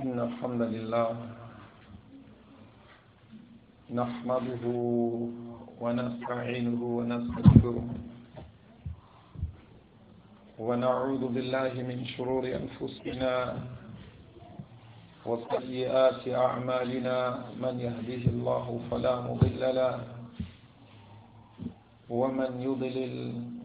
إن الحمد لله نحمده ونستعينه ونستغفره ونعوذ بالله من شرور أنفسنا وسيئات أعمالنا من يهديه الله فلا مضل له ومن يضلل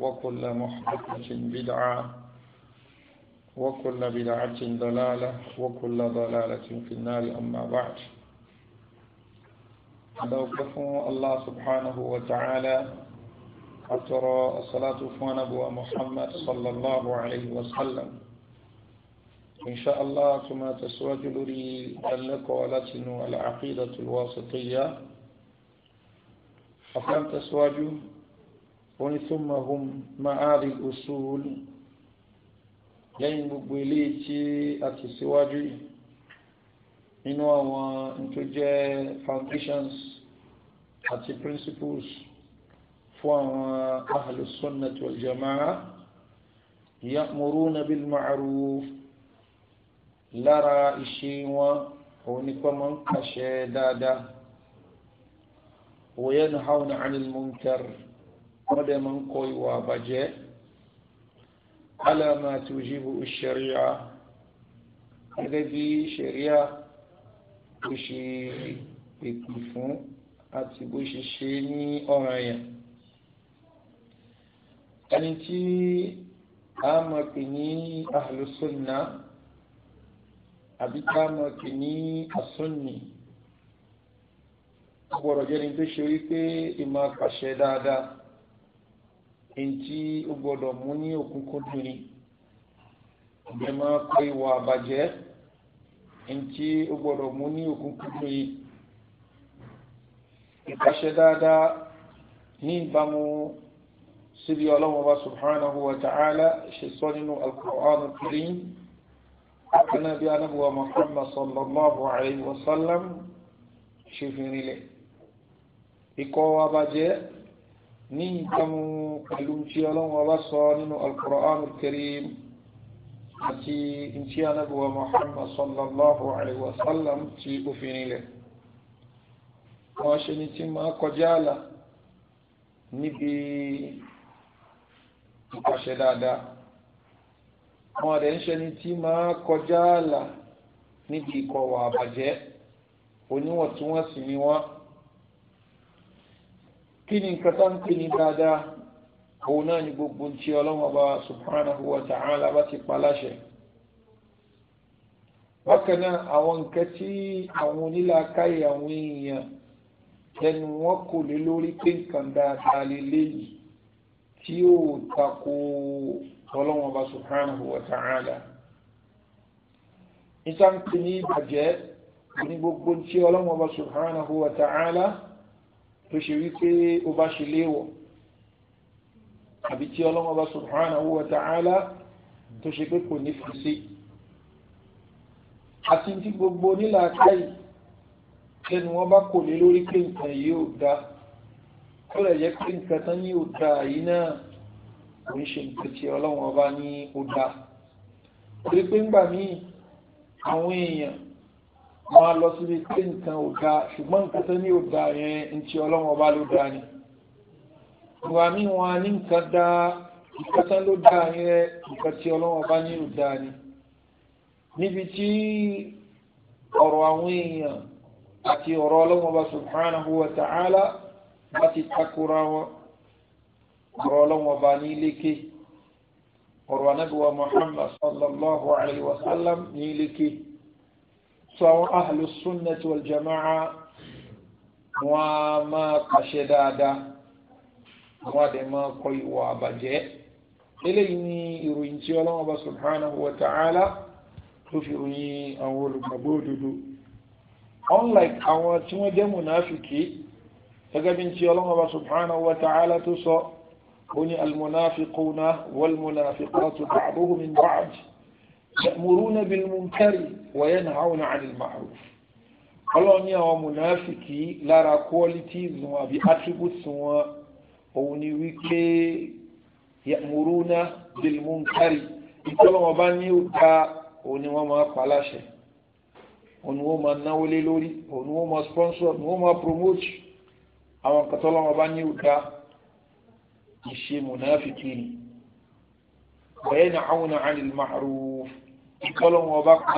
وكل محدثة بدعة وكل بدعة ضلالة وكل ضلالة في النار أما بعد أدوكف الله سبحانه وتعالى أترى الصلاة فنبوة محمد صلى الله عليه وسلم إن شاء الله كما تسواجل لي ذلك ولتن العقيدة الواسطية أفهم تسواجل oni ثم هم معاذ الاصول لين بوليتي اتي سواجي انو هو انتو جي فاونديشنز اتي برينسيبلز فو اهل السنه والجماعه يامرون بالمعروف لرا ايشيوا oni kwa kashe dada وينهون عن المنكر wọ́n dẹ̀ máa ń kọ ìwà àbàjẹ́ alama tujibu sharia gẹ́gẹ́ bí sharia bó ṣe pèpè fún àti bó ṣe ṣe ní ọ̀ràn yẹn ẹni tí a máa pè ní ahlùsùnà àbí tá a máa pè ní asúnni gbọ́dọ̀ jẹ́ni tó ṣe wípé ìmọ̀ àpàṣẹ dáadáa ntí ó gbọ́dọ̀ mú ní òkúnkúndùn ni ẹ máa kọ ìwà àbàjẹ́ ntí ó gbọ́dọ̀ mú ní òkúnkúndùn yìí ìpàṣẹ dáadáa ní ìbámu síbi ọlọ́run ọba subhanahu wa ta'ala ṣe sọ nínú al-Qur'an al-Karim Muhammad sallallahu alayhi wa sallam ṣe fi rinlẹ̀ ìkọ́ wa bàjẹ́ ní ìbámu pẹ̀lú tí ọlọ́run ọba sọ nínú al-Qur'an al-Karim àti ntí anábìwá Muhammad sallallahu alayhi wa sallam ti òfin ilẹ̀ wọ́n ṣe ni tí máa kọjá àlà níbi ìpàṣẹ dáadáa àwọn àdé ń ṣe ni tí máa kọjá àlà níbi ìkọ̀wà àbàjẹ́ oníwọ̀ntúnwọ̀nsì ni wọ́n kí ni nǹkan tó ń pè ní dáadáa àwọn náà ni gbogbo tí ọlọ́wọ́ bá subhanahu wa ta'ala bá ti paláṣẹ bákan náà àwọn nǹkan tí àwọn onílàákàyè àwọn èèyàn ẹnu wọn kò lé lórí pé nǹkan dáadáa lélẹ́yìí tí ó tako ọlọ́wọ́ bá subhanahu wa ta'ala ìtànkì ní ìbàjẹ́ ní gbogbo tí ọlọ́wọ́ bá subhanahu wa ta'ala tó ṣe wípé ó bá ṣe léwọ̀ àbí tí ọlọ́mọba subhanahu wa ta'ala tó ṣe pé kò ní fi sí àti tí gbogbo onílàákàyè ẹnu wọn bá kò lé lórí pé nǹkan yìí ò da kó lè jẹ́ pé nǹkan tán ní ò da yìí náà kò ń ṣe nǹkan tí ọlọ́wọ́n bá ní ó da torí pé ńgbà míì àwọn èèyàn máa lọ síbi pé nǹkan ò da ṣùgbọ́n nǹkan tán ní ò da yẹn ń ti ọlọ́wọ́n bá ló da ni ìwà míwọn ní nǹkan dáa ìkẹta ló dáa ní rẹ nǹkan tí ọlọ́wọ́n bá ní ìlú dáa ni níbi tí ọ̀rọ̀ àwọn èèyàn àti ọ̀rọ̀ ọlọ́wọ́n bá subhanahu wa ta'ala bá ti takora wọn ọ̀rọ̀ ọlọ́wọ́n bá ní lékè ọ̀rọ̀ anábìwá muhammad sallallahu alayhi wa sallam ní lékè sọ àwọn ahlus sunnati wal jama'a wọn a máa pàṣẹ dáadáa àwọn àdèmọ kọ ìwà àbàjẹ́ eléyìí ni ìròyìn tí ọlọ́run ọba subhanahu wa ta'ala tó fi ròyìn àwọn olùgbàgbọ́ òdodo unlike àwọn tí wọ́n jẹ́ mùnáfìkì gẹ́gẹ́ bí tí ọlọ́run ọba subhanahu wa ta'ala tó sọ ó ní almunafiquna walmunafiqatu ba'duhum min ba'd ya'muruna bilmunkari wa yanhauna 'anil ma'ruf ọlọ́run ní àwọn mùnáfìkì lára qualities wọn àbí attributes wọn òun ni wípé ya'muruna bil munkari ìtọ́lọ́wọ́n bá ní ó ta òun ni wọ́n máa pa láṣẹ òun ni wọ́n máa náwó lé lórí òun ni wọ́n máa sponsor òun ni wọ́n máa promote àwọn nǹkan tọ́lọ́wọ́n bá ní ó ta ìṣe mùnáfíkì ni wọ́n yẹn àwọn anil ma'ruf ìtọ́lọ́wọ́n bá pa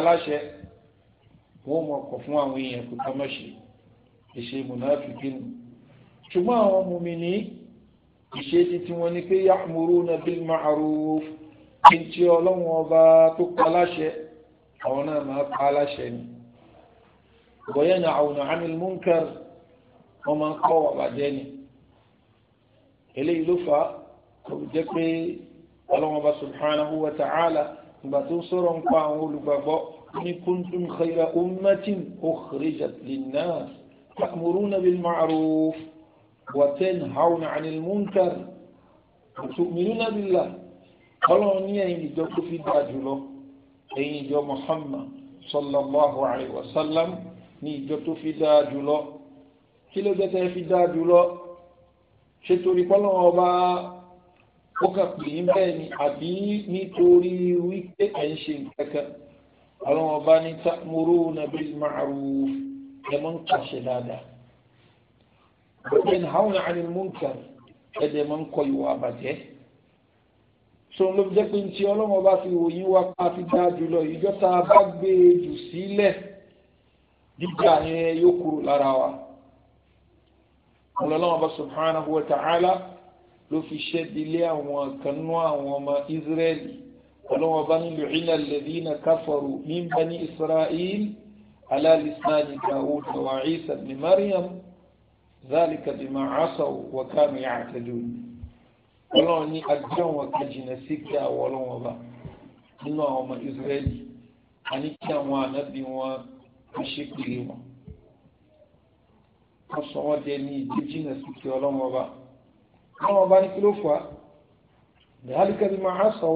wọ́n máa kọ̀ fún àwọn èèyàn kò tọ́ ìṣe mùnáfíkì ṣùgbọ́n àwọn mùmínì ìṣesí tí wọ́n ní pé ya'muruna bil ma'ruf kí n tí ọlọ́run ọba tó pa láṣẹ àwọn náà máa pa láṣẹ ni wa yanhawna 'anil munkar wọ́n máa ń kọ́ wà bàjẹ́ ni eléyìí ló fà á jẹ́ pé ọlọ́run ọba subhanahu wa ta'ala ìgbà tó sọ̀rọ̀ ń pa àwọn olùgbàgbọ́ ní kuntum khayra ummatin ukhrijat linnas ta'muruna bil ma'ruf. وتنهون عن المنكر وتؤمنون بالله ọlọ́run ní ẹ̀yin ìjọ tó fi dáa jùlọ ẹ̀yin ìjọ muhammad sallallahu alayhi wa sallam ní ìjọ tó fi dáa jùlọ kí ló jẹ́tẹ́ fi dáa jùlọ ṣe torí pọ́lọ́wọ́ ọba ó kàn pè yín bẹ́ẹ̀ ni àbí nítorí wípé ẹ̀ ń ṣe nǹkankan ọlọ́wọ́ ọba ní ta'muruna bil ma'ruf ẹ̀ mọ́ ń kàṣẹ dáadáa yanhauna anil munkar ẹ̀dẹ̀ máa ń kọ ìwà àbàjẹ́ sọ̀rọ̀ ló fi jẹ́ pé ntí ọlọ́run bá fi òyìn wa pa fi dá jùlọ ìjọ tá a bá gbé e jù sílẹ̀ jíjà yẹn yóò kúrò lára wa ọlọ́run bá subhanahu wa ta'ala ló fi ṣẹ́dílé àwọn kanú àwọn ọmọ israẹli ọlọ́run bá ní lu'ina alladhina kafaru min bani isra'il ala lisani Dawud wa Isa ibn Maryam. ذلك بما عصوا وكانوا يعتدون ọlọ́run ní agbẹ́wọ̀n wọn ká jìnnà sí kí àwọn ọlọ́run ọba nínú àwọn ọmọ israẹli àní kí àwọn ànábì wọn kó ṣépele wọn wọn sọ wọn dé ní ìdí jìnnà sí kí ọlọ́run ọba àwọn ọba ní kí ló fà á dàálùkẹ́ bí máa sọ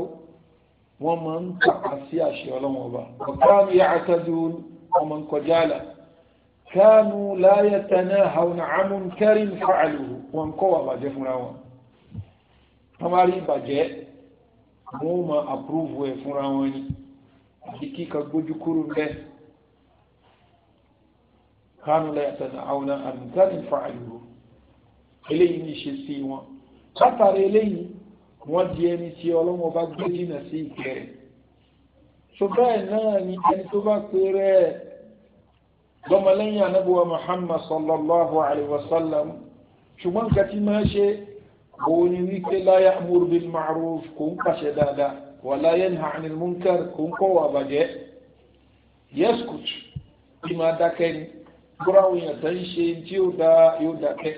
wọn máa ń kàkà sí àṣẹ ọlọ́run ọba ọ̀gá mi yà á tẹ́jú wọn máa ń kọjá àlà kánú láyé tẹ̀lé àwọn àmún kẹrin fàálù wọn kọ́ wà bàjẹ́ fúnra wọn wọ́n bá rí bàjẹ́ wọ́n ma àpúrúvù ẹ̀ fúnra wọn ni àti kíkà gbójú kúrú bẹ́ẹ̀ kánú láyé tẹ̀lé àwọn àmún kẹrin fàálù eléyìí ní ṣe sí wọn látàrí eléyìí wọ́n di ẹni tí ọlọ́wọ́ bá gbé jìnnà sí ìkẹrẹ̀ so bẹ́ẹ̀ náà ni ẹni tó bá pè rẹ̀ lọ́mọlẹ́yìn anábíwá muhammad sallallahu alayhi wa sallam ṣùgbọ́n nǹkan tí máa ṣe òun ni wípé la ya'muru bil ma'ruf kò ń pàṣẹ dáadáa wa la yanha 'anil munkar kò ń kọ́ wà bàjẹ́ yaskut bí máa dákẹ́ ni búráwò èèyàn tó ń ṣe tí ó da yóò dákẹ́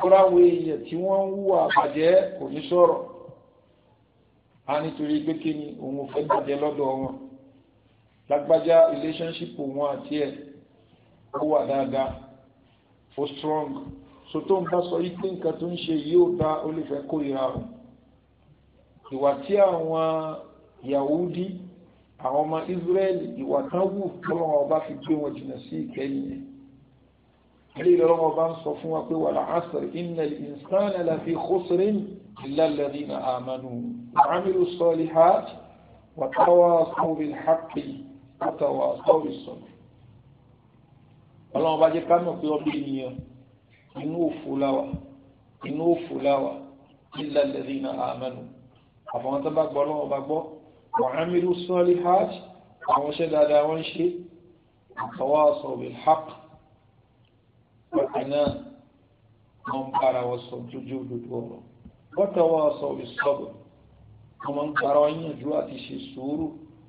búráwò èèyàn tí wọ́n ń hùwà bàjẹ́ kò ní sọ̀rọ̀ a nítorí pé ni òun fẹ́ bàjẹ́ lọ́dọ̀ wọn lágbájá relationship òun àti ẹ̀ ó wà dáadáa ó strong so tó ń bá sọ yí pé nǹkan tó ń ṣe yìí ó da ó lè fẹ́ kórìíra o ìwà tí àwọn Yahudi àwọn ọmọ Israẹli ìwà kan wù kọ́lọ́wọ́ ọba fi gbé wọn jìnnà sí ìkẹyìn yẹn ilé ìlọ́wọ́ ọba ń sọ fún wa pé wàlá asr innal insana lafi khusrin illa alladhina amanu wa amilu salihat wa tawasaw bil haqqi wa ọlọ́run bá jẹ́ ká mọ̀ pé ọdún ènìyàn inú òfò láwà inú òfò láwà illa alladhina amanu àfọwọ́n tó bá gbọ́ ọlọ́run bá gbọ́ wa'amilu salihat àwọn ṣẹ́ dáadáa wọ́n ń ṣe tawasaw bil haqq bákan náà wọ́n ń bára wọn sọ lójú òdodo ọ̀rọ̀ wa tawasaw bis sabr wọ́n máa ń kára wọn yànjú àti ṣe sùúrù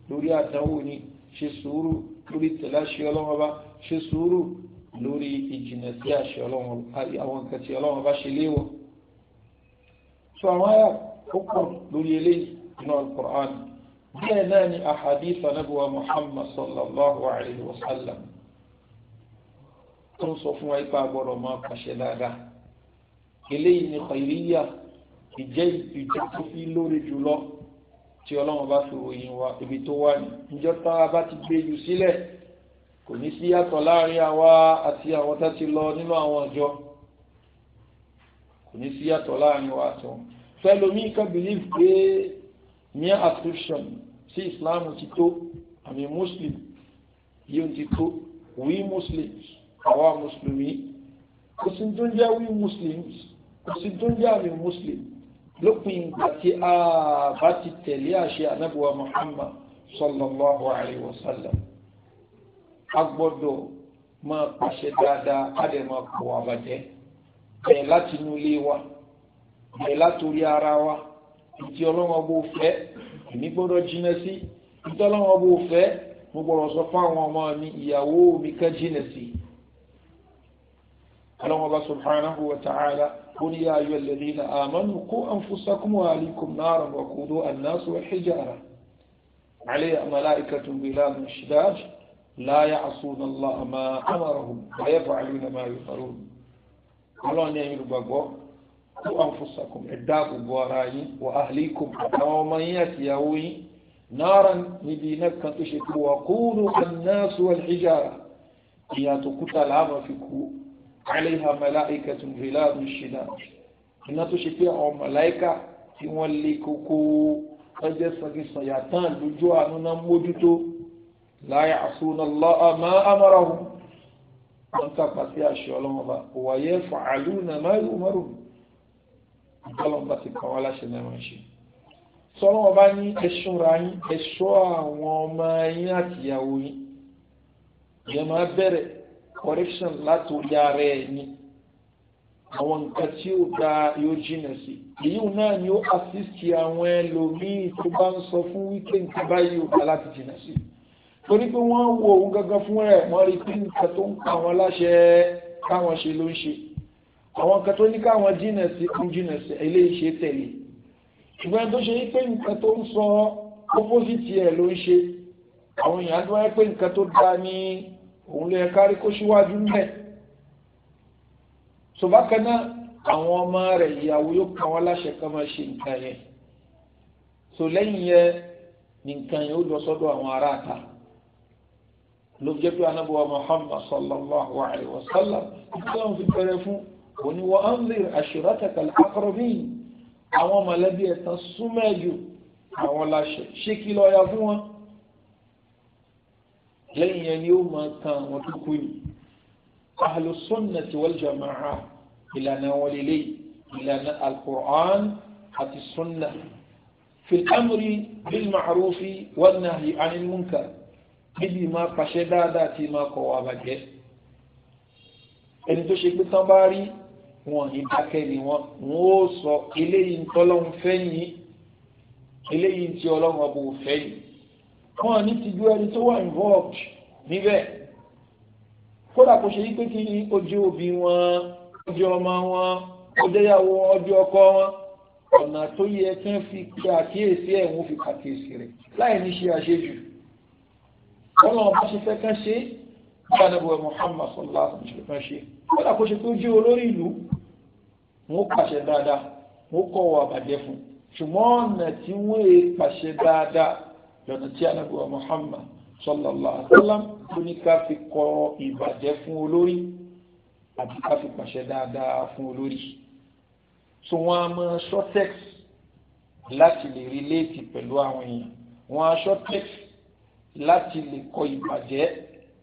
lórí àdánwò ni ṣe sùúrù lórí tẹ̀láṣẹ́ ọlọ́run bá ṣe sùúrù lórí ìjìnà sí àṣẹ ọlọ́run àwọn nǹkan tí ọlọ́run bá ṣe léwọ̀ so àwọn ayà ó pọ̀ lórí eléyìí nínú alukur'an bẹ́ẹ̀ náà ni ahadith anabuwa muhammad sallallahu alayhi wa sallam tó ń sọ fún wa ipa gbọ́dọ̀ máa pàṣẹ dáadáa eléyìí ni khairiyya ìjẹ́ ìjọ tó jùlọ tí ọlọ́run bá fi ròyìn wa ibi tó wà ní ìjọ bá ti gbé jù sílẹ̀ kò ní sí yàtọ̀ láàrin àwa àti àwọn tá ti lọ nínú àwọn ọjọ́ kò ní sí yàtọ̀ láàrin wa àti wọn kan believe pé mere ascription sí Islam ti tó àmì Muslim yóò ti tó we Muslims àwa Mùsùlùmí kò sí tó ń jẹ́ we Muslims kò sí tó ń jẹ́ àmì Muslim lópin ìgbà tí a bá ti tẹ̀lé àṣẹ anábùwà Muhammad sallallahu alayhi wa sallam a gbọ́dọ̀ máa pàṣẹ dáadáa ká lè máa kọ̀ wá bàjẹ́ bẹ̀rẹ̀ láti inú ilé wa bẹ̀rẹ̀ láti orí ara wa ìdí ọlọ́wọ́n bó fẹ́ èmi gbọ́dọ̀ jìnnà sí ìdí ọlọ́wọ́n bó fẹ́ mo gbọ́dọ̀ sọ fáwọn ọmọ mi ìyàwó mi ká jìnnà sí. ọlọ́wọ́n bá subhanahu wa ta'ala ó ní yá ayọ̀ alladhina amanu qu anfusakum wa ahlikum naran waquduha an-nasu wal hijara 'alayha mala'ikatun ghiladun shidad. لا يعصون الله ما أمرهم ويفعلون ما يؤمرون ọlọ́run ní ẹ̀yin olùgbàgbọ́ tó anfusakum ẹ̀dá gbogbo ara yín wa ahlikum àtàwọn ọmọ yín àti ìyàwó yín náírà níbi iná kan tó ṣe pé wà kúrú an-nasu wal-hijara ìyà kúta láàmú fi kú alayha malaikatun ghiladun shidad iná tó ṣe pé àwọn màláìka tí wọ́n lé koko ọjọ́ sọ̀gìsọ̀yà tán lójú àánú náà mójútó la ya'suna Allah ma amarahum wọ́n tàpá sí àṣẹ ọlọ́wọ́n bá wa yaf'aluna ma yu'maru ọlọ́wọ́n bá ti kàn wá láṣẹ náà máa ṣe sọlọ́wọ́n ní ẹ̀ṣọ́ra yín ẹ̀ṣọ́ àwọn ọmọ yín àtìyàwó yín ìyẹn máa bẹ̀rẹ̀ correction láti orí ara ẹ̀ ní àwọn nǹkan tí ó da yóò jìnà sí èyí náà ni ó assist àwọn ẹlòmíì tó bá ń sọ fún wípé nǹkan báyìí ó da láti jìnà sí torí pé wọ́n wo òun gangan fún rẹ̀ wọ́n rí pé nǹkan tó ń pa wọn láṣẹ káwọn ṣe ló ń ṣe àwọn nǹkan tó ní káwọn jìnà sí ń jìnà sí eléyìí ṣe tẹ̀lé ṣùgbọ́n tó ṣe pé nǹkan tó ń sọ opposite ẹ̀ ló ń ṣe àwọn èèyàn tó wáyé pé nǹkan tó dáa ní òun lè kárí kó síwájú mẹ́ ṣùgbọ́n àwọn ọmọ rẹ̀ ìyàwó yóò kàn wọ́n láṣẹ ká máa ṣe nǹkan yẹn so lẹ́yìn yẹn nìkan yẹn ó lọ sọ́dọ̀ àwọn aráàta ló jẹ́ pé anábọ̀wá muhammad sallallahu alayhi wa sallam ìtàn fi bẹ̀rẹ̀ fún òní wa anzir ashirataka al-aqrabin àwọn mọ̀lẹ́bí ẹ̀tàn súnmẹ́jù àwọn láṣẹ ṣé kí lọ́ọ́ ya fún wọn lẹ́yìn yẹn ni ó máa kan àwọn tó kú yìí ahlu sunnati wal jama'a ìlànà wọn lélẹ́yìí ìlànà al àti sunna fi al-amri bil ma'rufi wan nahyi níbi máa pàṣẹ dáadáa tí máa kọ̀ wà bàjẹ́ ẹni tó ṣe pé tán bá rí wọn ní dákẹ́ ni wọn wọn ó sọ eléyìí ń tọ́lọ́hún fẹ́yìn eléyìí ń ti ọlọ́run ọbọ̀ fẹ́yìn wọn ní ti ju ẹni tó wà involved níbẹ̀ kódà kò ṣe yí pé kí ni ojú òbí wọn ojú ọmọ wọn ọjọ́yàwó ọjọ́ ọkọ wọn ọ̀nà tó yẹ kí wọ́n fi kí àkíyèsí ẹ̀ wọ́n fi kàkíyèsí rẹ̀ láì ní ṣe àṣejù wọn lọ bá ṣe fẹ́ kán ṣe nígbà náà Muhammad sallallahu alaihi wa sallam kán ṣe wọn làkó ṣe tó jẹ́ olórí ìlú wọn pàṣẹ dáadáa wọn kọ̀ wọ àbàjẹ́ fún ṣùgbọ́n ọ̀nà tí wọ́n yẹ pàṣẹ dáadáa lọ́nà tí anábì Muhammad sallallahu alaihi wa sallam tó ní ká fi kọ̀ ìbàjẹ́ fún olórí àti ká fi pàṣẹ dáadáa fún olórí so wọn a mọ shortex láti lè rí léètì pẹ̀lú àwọn èèyàn wọn a shortex láti lè kọ ìbàjẹ́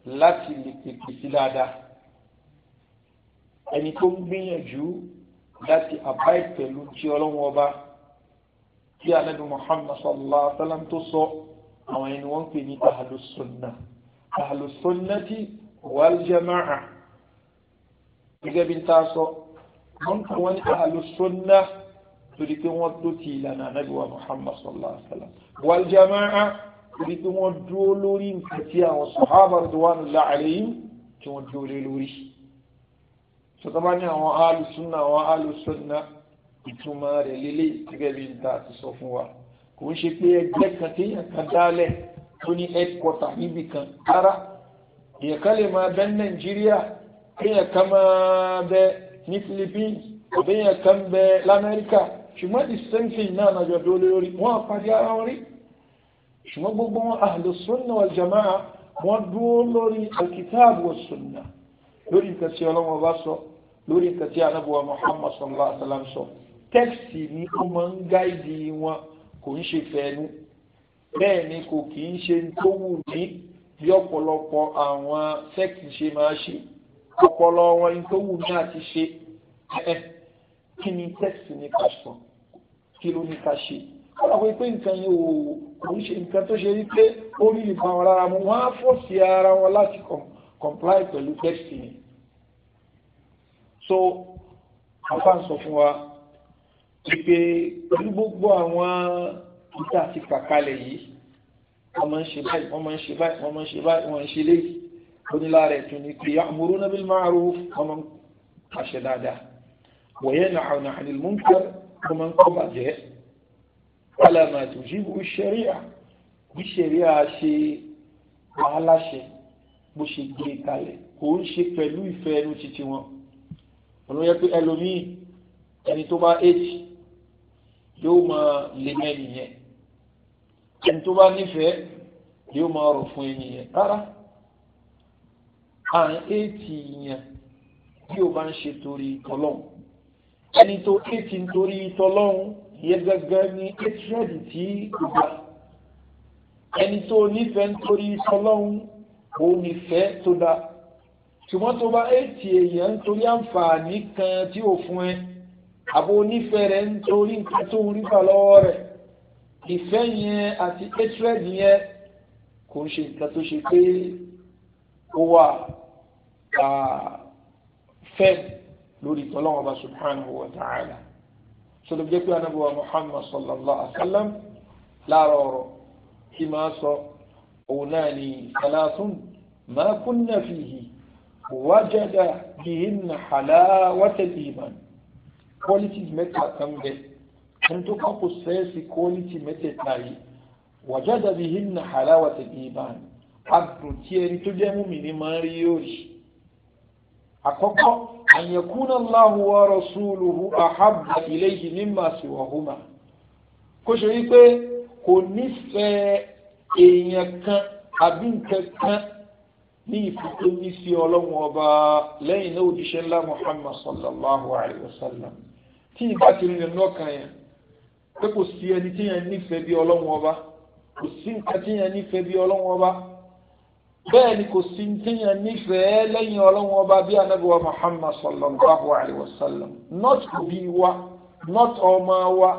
láti lè pèpè sí dáadáa ẹni tó ń gbìyànjú láti abáyé pẹ̀lú tí ọlọ́wọ́n ọba tí anabi muhammad sallallahu alaihi wa sallam tó sọ àwọn ẹni wọ́n ń pè ní ahlusunna ahlusunnati wal jama'a gẹ́gẹ́ bí n ta sọ wọ́n kàn wọ́n ní ahlusunna torí pé wọ́n tó ti ìlànà anabi wa sallallahu alaihi wa sallam wal ibi tí wọ́n dúró lórí nǹkan tí àwọn sàhábà ridwanullahi alayhim tí wọ́n dúró lé lórí. sọtaba ní àwọn alùsùnà àwọn alùsùnà ìtumọ̀ rẹ̀ lélẹ̀ gẹ́gẹ́ bí nta ti sọ fún wa kò ń ṣe pé ẹgbẹ́ kan téèyàn kan dálẹ̀ tó ní headquarter níbì kan rárá èèyàn kan lè máa bẹ nàìjíríà kéèyàn kan máa bẹ ní philippines àbẹ́yàn kan bẹ lamẹ́ríkà ṣùgbọ́n the náà nàjọ dólórí wọ́n àpàdé ara wọn rí ṣùgbọ́n gbogbo wọn ahlu sunna wal jamaa wọ́n dúró lórí alkitaabu wa sunna lórí nǹkan tí ọlọ́wọ́ bá sọ lórí nǹkan tí anábùwà muhammad sallallahu alaihi wa sallam sọ tẹ́kìtì ni ó máa ń gáìdì wọn kò ń ṣe fẹ́ẹ́nu bẹ́ẹ̀ ni kò kì í ṣe tó wù ní bí ọ̀pọ̀lọpọ̀ àwọn sẹ́ẹ̀kì ṣe máa ṣe ọpọlọ wọn ní tó wù ní àti ṣe kí ni tẹ́kìtì ní ká sọ kí ló ní ká ṣe kọ́lá pé nǹkan yìí ò kò ń ṣe nǹkan tó ṣe rí pé ó rí ìbọn mu wọ́n á fọ́ọ̀sì ara wọn láti comply pẹ̀lú text so àfáàn sọ fún wa pé pẹ̀lú gbogbo àwọn ìta àti kàkálẹ̀ yìí wọ́n máa ń ṣe báyìí wọ́n máa ń ṣe báyìí wọ́n máa ń ṣe báyìí wọ́n ń ṣe léyìí onílára ẹ̀tún ni pé ya'muruna bil ma'ruf wọ́n máa ń pàṣẹ dáadáa wa yanhawna 'anil munkar wọ́n máa alama tujibu ṣẹ̀ríà bí ṣẹ̀ríà ṣe aláṣẹ bó ṣe gbé e kalẹ̀ kò ń ṣe pẹ̀lú ìfẹ́ ẹnu títí wọn ọ̀nà yẹ pé ẹlòmíì ẹni tó bá éjì yóò máa lè mẹ́ni yẹn ẹni tó bá nífẹ̀ẹ́ yóò máa rọ̀ fún ẹni yẹn rárá à ń éjì yẹn bí o bá ń ṣe torí tọlọ́hún ẹni tó éjì ń torí tọlọ́hún yẹn gẹ́gẹ́ ní hatred tí kò gbà ẹni tó nífẹ̀ẹ́ nítorí tọ́lọ́hún òun nífẹ̀ẹ́ tó dá ṣùgbọ́n tó bá ètì èèyàn nítorí àǹfààní kan tí ò fún ẹ àbò onífẹ̀ẹ́ rẹ̀ nítorí nǹkan tó ń rí lọ́wọ́ rẹ̀ ìfẹ́ yẹn àti hatred yẹn kò ń ṣe nǹkan tó ṣe pé ó wà fẹ́ lórí tọ́lọ́wọ́n bá subhanahu wa ta'ala sọlọ jẹ́ pé anabuwa muhammad sallallahu alaihi wa sallam láàárọ̀ ọ̀rọ̀ kí máa sọ òun náà ní salatun ma kunna fihi wajada bihinna halawata iman qualities mẹ́ta kan bẹ ẹni tó kọ́ kó sẹ́ẹ̀sì quality mẹ́tẹ̀ẹ̀ta yìí wajada bihinna halawata iman adùn tí ẹni tó jẹ́ múmi ní máa yóò rí àkọ́kọ́ an yakuna Allahu wa rasuluhu ahabba ilayhi mimma siwahuma kó ṣe yí pé kò nífẹ̀ẹ́ èèyàn kan àbí nǹkan kan ní ìfúnpẹ́ ní sí ọlọ́run ọba lẹ́yìn náà òjíṣẹ́ ńlá Muhammad sallallahu alayhi wa sallam tí ìbá ti rìn lọ kan yẹn pé kò sí ẹni tí yẹn nífẹ̀ẹ́ bí ọlọ́run ọba kò sí nǹkan tí yẹn nífẹ̀ẹ́ bí ọlọ́run ọba bẹ́ẹ̀ ni kò sí tíyan nífẹ̀ẹ́ lẹ́yìn ọlọ́run ọba bí anábíwá muhammad sallallahu alayhi wa sallam not òbí wa not ọmọ wa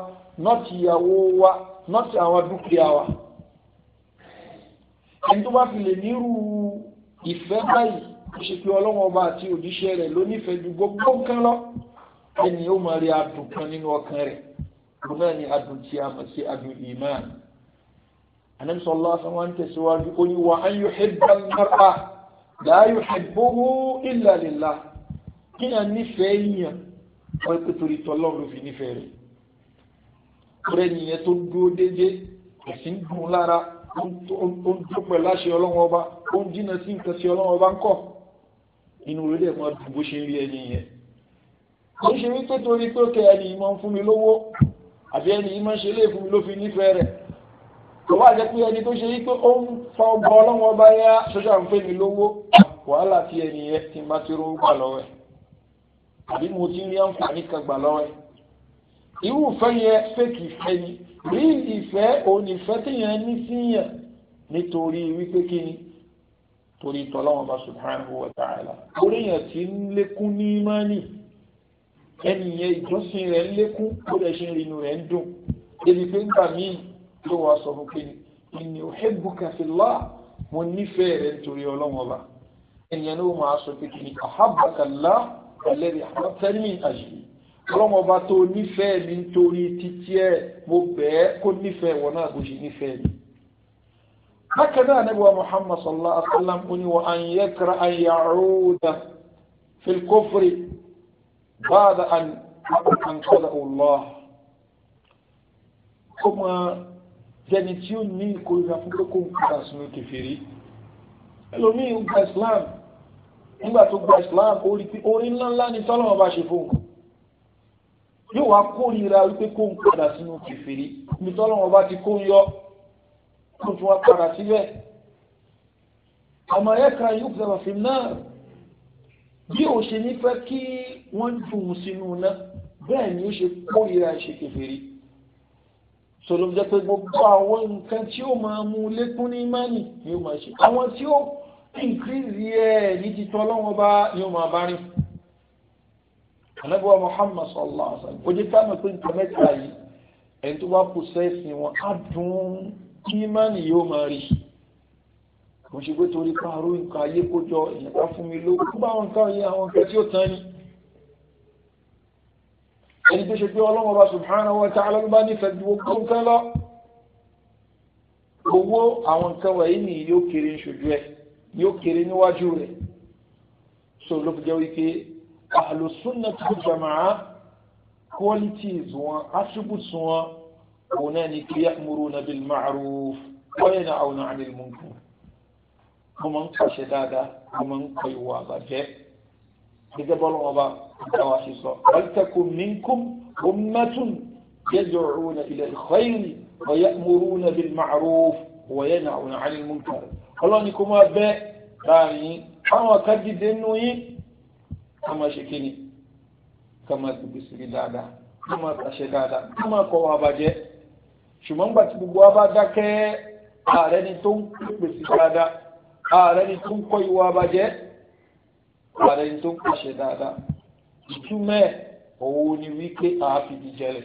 not ìyàwó wa not àwọn dúkìá wa ẹni tó bá fi lè nírú ìfẹ́ báyìí ṣe pé ọlọ́run ọba àti òjíṣẹ́ rẹ̀ ló nífẹ̀ẹ́ ju gbogbo nǹkan lọ ẹni ó máa rí adùn kan nínú ọkàn rẹ̀ òun ni adùn tí a mọ̀ sí adùn ìmáàni anabi sallallahu alaihi wasallam tẹ̀síwájú ó ní wa an yuhibba al-mar'a la yuhibbuhu illa lillah kí ni a nífẹ̀ẹ́ yìnyàn wọ́n pé torí tọ́lọ́ ló fi nífẹ̀ẹ́ rẹ̀ rẹ̀ nìyẹn tó dúró déédé ẹ̀sìn dùn lára ó ń tó pẹ̀lú àṣẹ ọlọ́wọ́n ọba ó ń jìnnà sí nǹkan sí ọlọ́wọ́n ọba ń kọ́ inú orí ẹ̀ máa dùn bó ṣe rí ẹni yẹn ó wípé torí pé ó kẹ ẹni yìí máa ń fún mi lówó àbí ẹni yìí máa ń ṣe lé mi ló fi nífẹ̀ẹ́ rẹ̀ kò wá jẹ́ pé ẹni tó ṣe yí pé ó ń fa ọgbà ọlọ́wọ́n bá yá ṣọ́ṣà ń pè mí lówó wàhálà tí ẹni yẹn ti máa ti rówó gbà lọ́wọ́ ẹ̀ àbí mo ti rí àǹfààní kan gbà lọ́wọ́ ẹ̀ irú ìfẹ́ yẹn fẹ́ẹ̀kì ìfẹ́ ni rí ìfẹ́ òun ìfẹ́ ní síyàn nítorí wípé kí ni torí tọ́lọ́wọ́n bá subhanahu wa ta'ala orí yẹn ti ń lékún ní imáni ẹnìyẹn ìjọsìn rẹ̀ ń lékún ó كوا صبوكين إن يحبك في الله ونفير نفير تري ولم با إن ينو ما إن أحبك الله الذي حبتني من أجلي ولم با تو نفير من توري تتيا مبع كن نفير ونا نفير هكذا نبوى محمد صلى الله عليه وسلم أني وأن يكره أن يعود في الكفر بعد أن أنقذه الله ثم jẹni tí ó ní ìkórira fún kókó ń padà kẹfìrí ẹlòmíì ń gba Islam nígbà tó gba Islam ó rí pé orin ńláńlá ni sọlọ́mọ bá ṣe fóun yóò wá kórira wípé kó ń padà sínú kẹfìrí ibi tọ́lọ́mọ bá ti kó ń yọ kó tún wá padà síbẹ̀ àmọ́ ẹ̀ka yóò fẹ́ wàfin náà bí ó fẹ́ kí wọ́n dùn sínú náà bẹ́ẹ̀ ni ó ṣe kórira ṣe kẹfìrí sọlọ jẹ́ pé gbogbo àwọn nǹkan tí ó máa mú lékún ní mánì ni ó máa ṣe àwọn tí ó increase ẹ ní titọ ọlọ́wọ́n bá ni ó máa bá rìn anabiwa muhammad sallallahu alaihi wa sallam ojú táwọn pé nǹkan mẹ́ta yìí ẹni tó bá pòṣẹ́sì wọn á dùn kí mánì yóò máa rí kò ṣe pé torí pààrọ̀ nǹkan ayé kó jọ ìyẹn ká fún mi lówó gbogbo àwọn nǹkan yìí àwọn nǹkan tí ó tán ni ẹni tó ṣe pé ọlọ́run ọba subhanahu wa ta'ala ló bá nífẹ̀ẹ́ ju gbogbo nǹkan lọ owó àwọn nǹkan wọ̀nyí ni yóò kéré ṣojú ẹ yóò kéré níwájú rẹ so ló fi jẹ́ wípé ahlu sunnah wal qualities wọn attributes wọn òun náà ni kí ya'muruna bil ma'ruf wa yanhawna 'anil munkar wọ́n máa ń pàṣẹ dáadáa wọ́n máa ń kọ ìwà àbàjẹ́ gẹ́gẹ́ bọ́lọ́wọ́n bá ìdáwà ṣe sọ wàlítàkùn minkum ummatun yad'una ila al-khayri wa ya'muruna bil ma'ruf wa yanhauna 'anil munkar ọlọ́ni kó máa bẹ́ láàrin àwọn kájídé nù yín ká máa ṣe kíni ká máa gbogbo síbi dáadáa ká máa pàṣẹ dáadáa ká máa kọ̀ wọ́n àbàjẹ́ ṣùgbọ́n gbà tí gbogbo wa bá dákẹ́ ààrẹ ni tó ń pèpè sí dáadáa ààrẹ ni tó ń kọ̀ ìwà àbàjẹ́ ààrẹ ni tó ń pàṣẹ dáadáa ìtumọ̀ ẹ̀ òun ni wípé àáfi jíjẹrẹ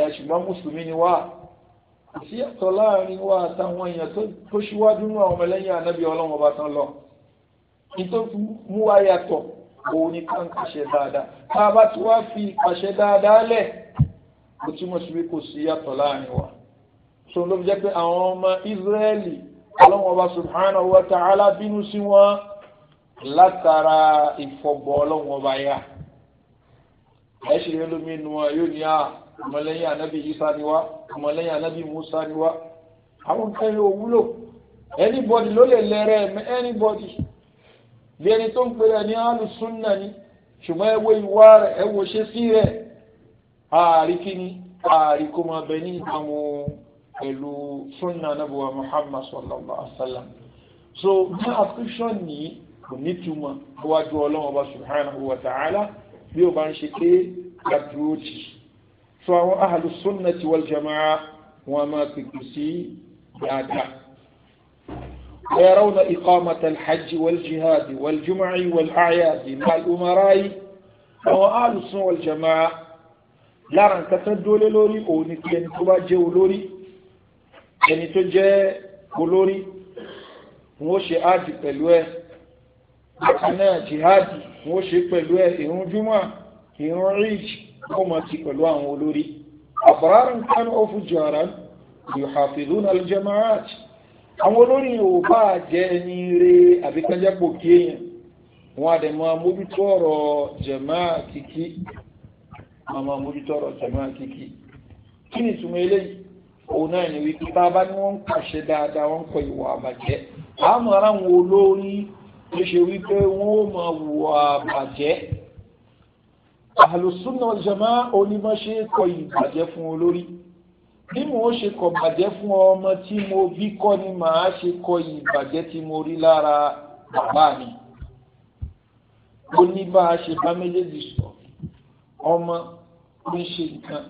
ẹ̀ ṣùgbọ́n mùsùlùmí ni wá kò sí ẹ̀tọ́ láàrin wa àtàwọn èèyàn tó ṣíwájú nínú àwọn ọmọlẹ́yìn ànábì ọlọ́run ọba tán lọ nítorí mú wa yàtọ̀ òun ni ká ń kàṣẹ dáadáa tá a bá ti wá fi kàṣẹ dáadáa lẹ̀ kò túmọ̀ sí pé kò sí yàtọ̀ láàrin wa sọ ló fi jẹ́ pé àwọn ọmọ Ísírẹ́lì ọlọ́run ọba subhanahu wa ta'ala bínú sí wọn látara ìfọ̀bọ̀ ọlọ́run ọba yá ẹ ṣe yẹn lómi nu ọ yóò ní à anabi isa ni wá ọmọlẹ́yìn anabi musa ni wá àwọn nǹkan yóò wúlò anybody ló lè lẹ́rẹ̀ ẹ̀mẹ́ anybody bí ẹni tó ń pèrè ní alùsùnà ni ṣùgbọ́n ẹ wo ìwà rẹ̀ ẹ wo ṣe sí rẹ̀ ààrí kíni ààrí kó máa bẹ ní ìbámu pẹ̀lú sunna anabuwa muhammad sallallahu alaihi wa sallam so ní àfikún ní kò ní túmọ̀ níwájú ọlọ́run ọba subhanahu wa ta'ala bí ó bá ń ṣe pé gbàdúró tì so àwọn ahàlù sunnati wal jama'a wọn a máa pèpè sí dáadáa ويرون إقامة الحج والجهاد والجمع والأعياد مع الأمراء وأهل السنة والجماعة lára nǹkan tó dúró lórí òun ni kí ẹni tó bá jẹ́ olórí ẹni tó jẹ́ olórí wọn ó ṣe áàdì pẹ̀lú ẹ̀ bákan jihadi wọ́n ṣe pẹ̀lú ẹ̀ ìrun ríjì wọ́n mọ̀ sí pẹ̀lú àwọn olórí àbúrárùn kánú ọ̀fù jọ̀ọ́rán yuhafizuna al-jama'at àwọn olórí ò bá jẹ́ ẹni re kí èèyàn á dẹ̀ máa mójútó ọ̀rọ̀ kíkí mójútó ọ̀rọ̀ kíkí kí ni ìtumọ̀ eléyìí òun náà ni wípé bá a bá ní wọ́n ń pàṣẹ dáadáa tó ṣe wípé wọ́n ó máa wà bàjẹ́ àlùsùnà jama onímọ̀ṣe kọ ìbàjẹ́ fún olórí bí mo ṣe kọ bàjẹ́ fún ọmọ tí mo bí kọ́ ni màá ṣe kọ ìbàjẹ́ tí mo rí lára bàbá mi ó ní bá a ṣe bá méjèèjì sọ ọmọ ó ń ṣe nǹkan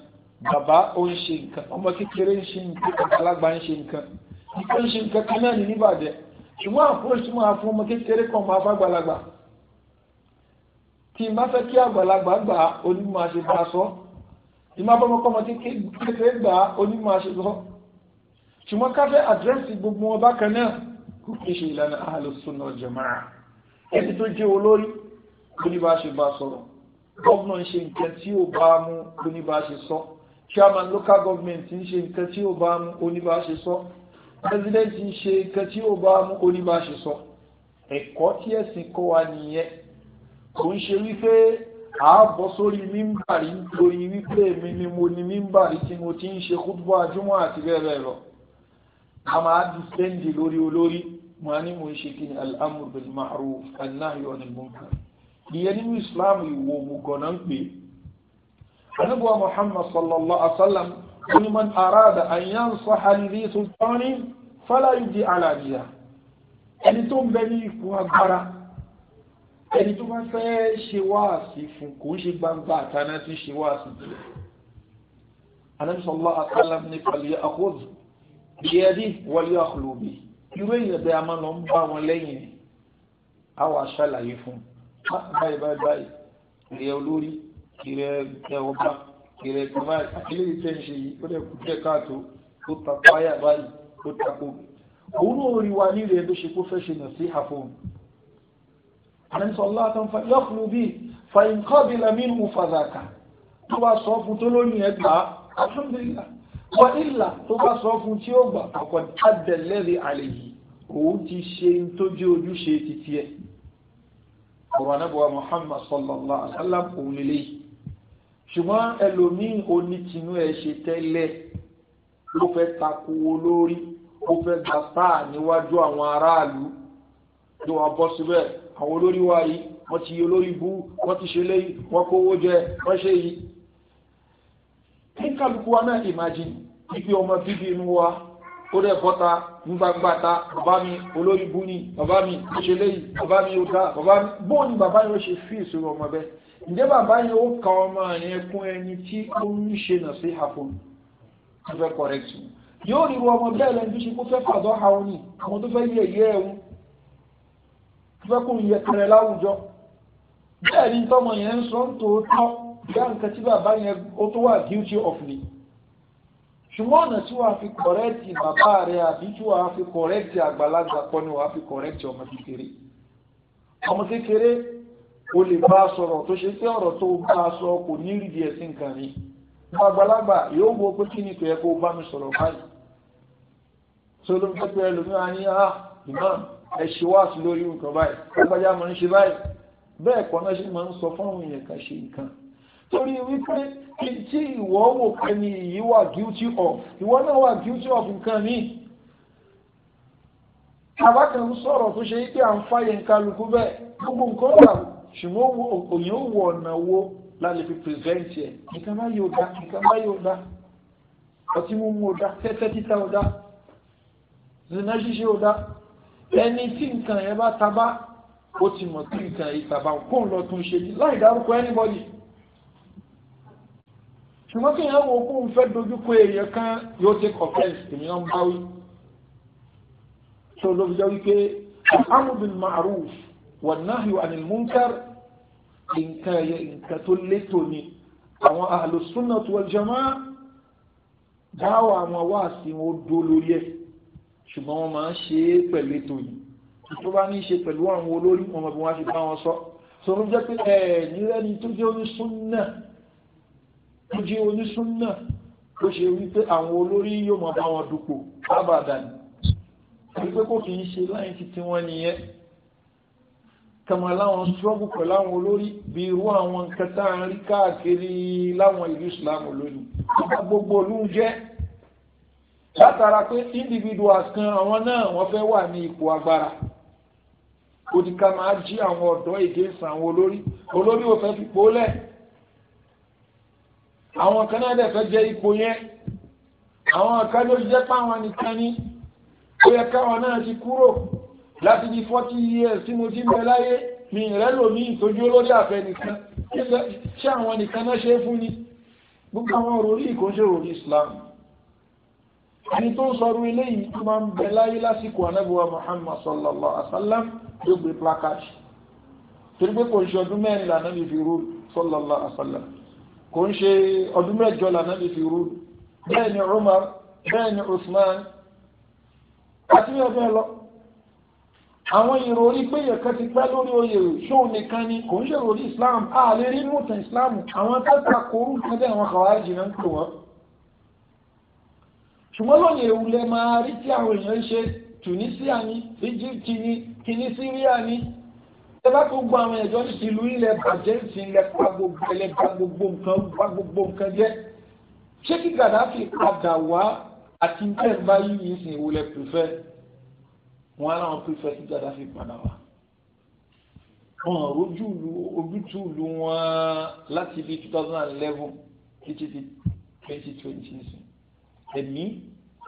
bàbá ó ń ṣe nǹkan ọmọ kékeré ń ṣe nǹkan àgbàlagbà ń ṣe nǹkan nǹkan ń ṣe nǹkan kan náà ní níbàjẹ́ ṣùgbọ́n àpòròṣì máa fún ọmọ kékeré kan máa fàgbàlagbà tí n bá fẹ́ kí àgbàlagbà gbà onímọ̀ àṣẹ bá sọ tí n bá bọ́mọ kọ́mọ kékeré gbà onímọ̀ àṣẹ sọ ṣùgbọ́n ká fẹ́ àdírẹ́sì gbogbo wọn bákan náà kò kí ṣe ìlànà àlùsùnà jẹ̀máà ẹni tó jẹ́ olórí oníbàṣẹ bá sọ̀rọ̀ gọ́ọ̀nà ń ṣe nǹkan tí ó bá mú oníbàṣẹ sọ chairman local government ń ṣe nǹkan tí ó bá mú oníbàṣẹ sọ president ṣe nǹkan tí ó bá mú oníbàṣe sọ ẹ̀kọ́ tí ẹ̀sìn kọ́ wa nìyẹn kò ń ṣe wípé àábọ̀ sórí mímbàrí nítorí wípé èmi ni mo ní mímbàrí tí mo ti ń ṣe kútùbọ̀ àjúmọ̀ àti bẹ́ẹ̀ bẹ́ẹ̀ lọ a máa dìsẹ́ǹdì lórí olórí wọn ni mo ń ṣe kí ni al-amru bil ma'ruf an-nahyu anil munkar ìyẹn nínú islam ìwò òmùgọ̀ náà ń pè é anábọ̀ muhammad sallallahu alaihi wa sallam ولمن أراد أن ينصح لذي سلطان فلا يبدي علانية ẹni tó ń bẹ ní ipò agbára ẹni tó bá fẹ́ ṣe wáàsí fún kò ń ṣe gbangba àtàná tí ń ṣe wáàsí jù anamisọ́lá àtàlám ní pàlẹ́ àkóòdù bíẹ́dì wọlé àkùlùbí irú èèyàn bẹ́ẹ̀ a máa lọ ń bá wọn lẹ́yìn rẹ̀ a wà ṣàlàyé báyìí báyìí báyìí ìrẹ́ olórí ìrẹ́ ọba ìrẹ̀ jọba àkílẹ̀ ìtẹ́ ń ṣe yìí ó dẹ̀ kú jẹ́ káàtó ó ta páyà báyìí ó ta kó òun náà rí wa nílé ẹ̀ tó ṣe kó fẹ́ ṣe nà sí àfọ̀hún. àlẹ́sọ̀lá tó ń fa yọ́kùnrin bíi fàyínkábìlà mínú fàdákà tó bá sọ fún tó lónìí ẹ̀ gbà alhamdulillah wà ìlà tó bá sọ fún tí ó gbà ọkọ̀ adẹ̀lẹ́rì àlè yìí òun ti ṣe tó jẹ́ ojúṣe titi ẹ̀. ọ̀rọ̀ anábọ̀wá Muhammad sallallahu alaihi wa sallam òun lélẹ́yìí ṣùgbọ́n ẹlòmíì onítìnú ẹ ṣe tẹ́lẹ̀ ló fẹ́ takò olórí ó fẹ́ gba sáà níwájú àwọn aráàlú ló wà bọ́ síbẹ̀ àwọn olórí wa yìí wọ́n ti yí olórí bú wọ́n ti ṣe léyìí wọ́n kówó jẹ wọ́n ṣe yìí. ní kálukú wa náà imagine ibi ọmọ bíbí inú wa ó dẹ̀ bọ́ta nígbàgbàta bàbá mi olórí bú ni bàbá mi ó ṣe léyìí bàbá mi ó dá bàbá mi bóun ni bàbá yóò ṣe fíìsì ọmọ bẹ́ẹ̀ ǹjẹ́ bàbá yẹn ó ka ọmọ yẹn kún ẹni tí ó ń ṣe nà sí àfọ̀n tó fẹ́ kọ̀rẹ́tì yóò rí ọmọ bẹ́ẹ̀ lẹ́nu tó ṣe kó fẹ́ fàdọ́ àwọn ni àwọn tó fẹ́ yẹ ìyẹ́ ẹ̀hún tó fẹ́ kó yẹ kẹrẹ láwùjọ bẹ́ẹ̀ ni tọ́mọ yẹn ń sọ ń tòótọ́ ìyá nǹkan tí bàbá yẹn ó tó wà guilty of ni ṣùgbọ́n ọ̀nà tí wàá fi kọ̀rẹ́tì bàbá rẹ àbí tí wàá fi kọ̀rẹ́tì àgbàlagbà pọ̀ wàá fi kọ̀rẹ́tì ọmọ kékeré ọmọ kékeré o lè bá a sọ̀rọ̀ tó ṣe pé ọ̀rọ̀ tó bá a sọ kò ní rí díẹ̀ sí nǹkan ni wọn àgbàlagbà yóò wo pé kí ni kò yẹ kó o bá mi sọ̀rọ̀ báyìí tó ló ń fẹ́ pẹ́ ẹlòmíràn ní á ah, ìmọ̀ ẹ ṣe wá sí lórí nǹkan báyìí lágbájá máa ń ṣe báyìí bẹ́ẹ̀ kọ́ náà ṣe máa ń sọ fún àwọn èèyàn kan ṣe nǹkan torí wípé tí ìwọ wò pé ni èyí wà guilty of ìwọ náà wà guilty of nǹkan míì àbákan sọ̀rọ̀ tó ṣe pé à ń fàyè nǹkan lùkú bẹ́ẹ̀ gbogbo nǹkan dàrú ṣùgbọ́n òyìn ó wọ ọ̀nà wo láti fi prevent ẹ̀ nǹkan báyìí ò dá nǹkan báyìí ò dá ọtí mímu ò dá tẹ́tẹ́ títà ò dá zina ṣíṣe ò dá ẹni tí nǹkan yẹn bá tabá ó ti mọ̀ tí nǹkan yìí tabá kó ń lọ tún ṣe ní láì dárúkọ anybody ṣùgbọ́n kí èèyàn wo kó ń fẹ́ dojúkọ èèyàn kan yóò take offence èèyàn ń báwí tó ló jẹ́ wípé amúdùn ma'ruf wannahyu anil munkar nǹkan ẹ̀yẹ nǹkan tó létò ni àwọn àlùsùnà tó wal jamaa dáwọ̀ àwọn wáàsí wọn ó dó lórí ẹ̀ ṣùgbọ́n wọ́n máa ń ṣe é pẹ̀lú ètò yìí tó bá ní í ṣe pẹ̀lú àwọn olórí wọn bí wọ́n á fi bá wọn sọ sọ̀rọ̀ jẹ́ pé ẹ̀ nírẹ́ni tó jẹ́ onísúnnà tó jẹ́ onísúnnà tó ṣe wípé àwọn olórí yóò máa bá wọn dupò lábàdàn wípé kò kì í ṣe láyé titi wọn nìyẹn. Kama láwọn struggle pẹ̀lú láwọn olórí bí irú àwọn nǹkan tá à ń rí káàkiri láwọn ìlú Islam lónìí ọba gbogbo olóhùn jẹ́ látara pé individuals kan àwọn náà wọ́n fẹ́ wà ní ipò agbára ó di ká máa jí àwọn ọ̀dọ́ èdè sàn àwọn olórí olórí ò fẹ́ fi pólẹ̀ àwọn kan náà dẹ̀ fẹ́ jẹ ipò yẹn àwọn kan ló jẹ́ pé àwọn nìkan ni ó yẹ káwọn náà ti kúrò láti di forty years tí mo ti ń bẹ láyé mi ìrẹ́ lò ní ìtọ́jú olórí àfẹ́ nìkan ṣé àwọn nìkan náà ṣe é fún ni gbogbo àwọn òròrí ìkọ́ṣẹ́ òròrí Islam ẹni tó ń sọ̀rọ̀ eléyìí tó máa ń bẹ láyé lásìkò anábùwà Muhammad sallallahu alaihi wa sallam ló gbé placard torí pé kò ń ṣe ọdún mẹ́rin lànà mi fi rú sallallahu alaihi wa sallam kò ń ṣe ọdún mẹ́jọ lànà mi fi rú bẹ́ẹ̀ ni Umar bẹ́ẹ̀ ni Usman àti bẹ́ẹ̀ bẹ́ẹ̀ lọ àwọn ìròrí pé ẹ̀kẹ́ ti pẹ́ lórí oyè ṣóò nìkan ni kò ń ṣe ìròrí islam ààlè rí nùtàn islam àwọn tẹ́tà kòrú nǹkan bẹ́ẹ̀ àwọn kàwárí jìnnà ń pè wọ́n ṣùgbọ́n lónìí ewu lẹ máa rí tí àwọn èèyàn ń ṣe tunisia ni egypt ni kìíní syria ni ẹ bá tó gbọ́ àwọn ẹ̀jọ́ ní ìlú ilẹ̀ bàjẹ́ sí ilẹ̀ pa gbogbo ilẹ̀ pa gbogbo nǹkan pa gbogbo nǹkan jẹ́ ṣé kí Gaddafi padà wá àti bẹ́ẹ̀ wọn aláwọn pífẹ́ sí dáadáa fi padà wá wọn rojú ojútùú lu wọn láti bí two thousand and eleven títí di twenty twenty nísìnyí ẹ̀mí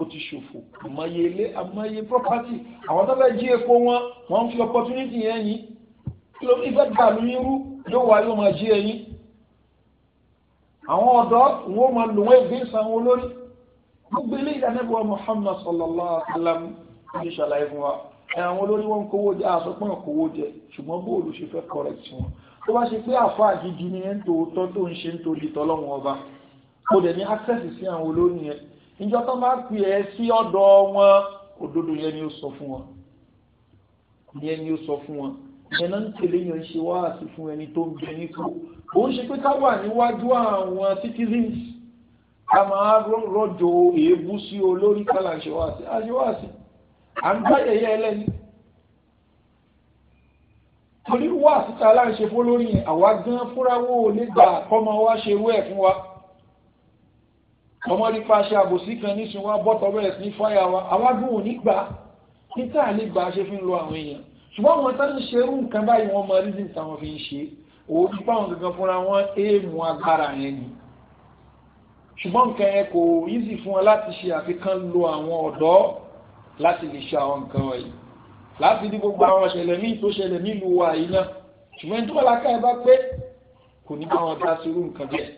ó ti ṣòfò àmọye ilé àmọye property àwọn tó bẹ jí epo wọn wọn ń fi opportunity yẹn yín kí ló ní fẹ́ gbà ló yín rú yóò wá yóò máa jí ẹyin àwọn ọ̀dọ́ wọn máa lò wọ́n ẹgbẹ́ ìsanwó lórí gbogbo ilé ìdánilẹ́wọ̀ Muhammad sallallahu alaihi wa sallam wọ́n ti ṣàlàyé fún wa àwọn olórí wọn kówó jẹ aṣọ pé wọn kówó jẹ ṣùgbọ́n bóòlù ṣe fẹ́ correct wọn tó bá ṣe pé àfa àgidi ni ẹn tòótọ́ tó ń ṣe ń torí tọ́lọ́wọ́n ọba kò dẹ̀ ní access sí àwọn olórí yẹn ìjọ tó bá pè é sí ọ̀dọ̀ wọn òdodo yẹn ni ó sọ fún wọn yẹn ni ó sọ fún wọn yẹn náà ń tẹ̀lé yẹn ṣe wáàsí fún ẹni tó ń bẹ nípò òun ṣe pé ká wà níwájú àwọn citizens ká máa rọ̀jò èébú sí olórí kálá ṣe wáàsí à ń bá yẹyẹ ẹlẹ́ni torí wà síta aláǹṣe fún lórí yẹn àwa gan fúráwó lè gbà kọ́mọ wa ṣe wú ẹ̀ fún wa ọmọ rí fàṣẹ àbòsí kan níṣu wa bọ́tọ̀ bẹ̀rẹ̀ sí fáyà wa àwa gùn ò ní gbà níta àlè gbà ṣe fi ń lo àwọn èèyàn ṣùgbọ́n àwọn tó ń ṣe irú nǹkan báyìí wọ́n mọ rídìn táwọn fi ń ṣe òun fáwọn kankan fúnra wọn éèmù agbára yẹn ni ṣùgbọ́n nǹkan yẹn kò easy fún wọn láti ṣe àfikán lo àwọn ọ̀dọ́ láti lè ṣe àwọn nǹkan wọ̀nyí láti ní gbogbo àwọn ṣẹlẹ̀ míì tó ṣẹlẹ̀ nílùú wa yìí náà ṣùgbọ́n tó wà láká ẹ bá pé kò ní bá wọn dá sí irú nǹkan bẹ́ẹ̀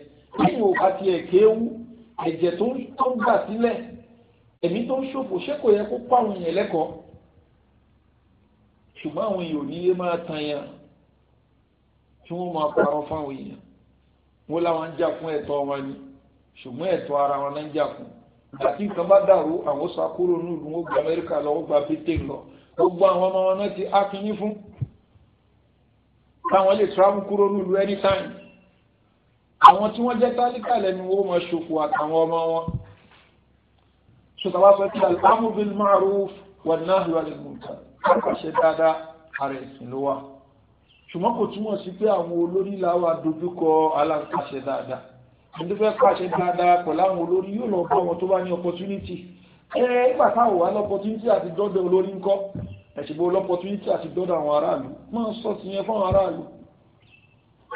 lẹ́yìn ò bá tiẹ̀ kéwu ẹ̀jẹ̀ tó ń gbà sílẹ̀ ẹ̀mí tó ń ṣòfò ṣé kò yẹ kó kó àwọn èèyàn lẹ́kọ̀ọ́ ṣùgbọ́n àwọn èèyàn ò ní lè máa tan yẹn tí wọ́n máa parọ́ fáwọn èèyàn wọ́n láwọn ń jà fún ẹ̀tọ́ wọn ni ṣùgbọ́n ẹ̀tọ́ ara wọn náà ń jà fún àti nǹkan bá dàrú àwọn sá kúrò nílùú wọn gba amẹ́ríkà lọ wọn gba britain lọ gbogbo àwọn ọmọ wọn náà ti ákínyín fún káwọn lè travel kúrò nílùú anytime àwọn tí wọ́n jẹ́ tálíkà lẹ́nu wọn máa ṣòfò àtàwọn ọmọ wọn sọtàwá sọ pé al-amru bil ma'ruf wan-nahyu 'anil munkar kápàṣẹ dáadáa ààrẹ ìsìn ló wà ṣùgbọ́n kò túmọ̀ sí pé àwọn olórí làwọn adójúkọ aláǹkàṣẹ dáadáa ẹni tó fẹ́ pàṣẹ dáadáa pẹ̀lú àwọn olórí yóò lọ bá wọn tó bá ní opportunity ẹ ìgbà táwọn wà ní opportunity àti dọ́dọ̀ olórí ńkọ́ ẹ̀sìnbó opportunity àti dọ́dọ̀ àwọn aráàlú máa sọ sí yẹn fún àwọn aráàlú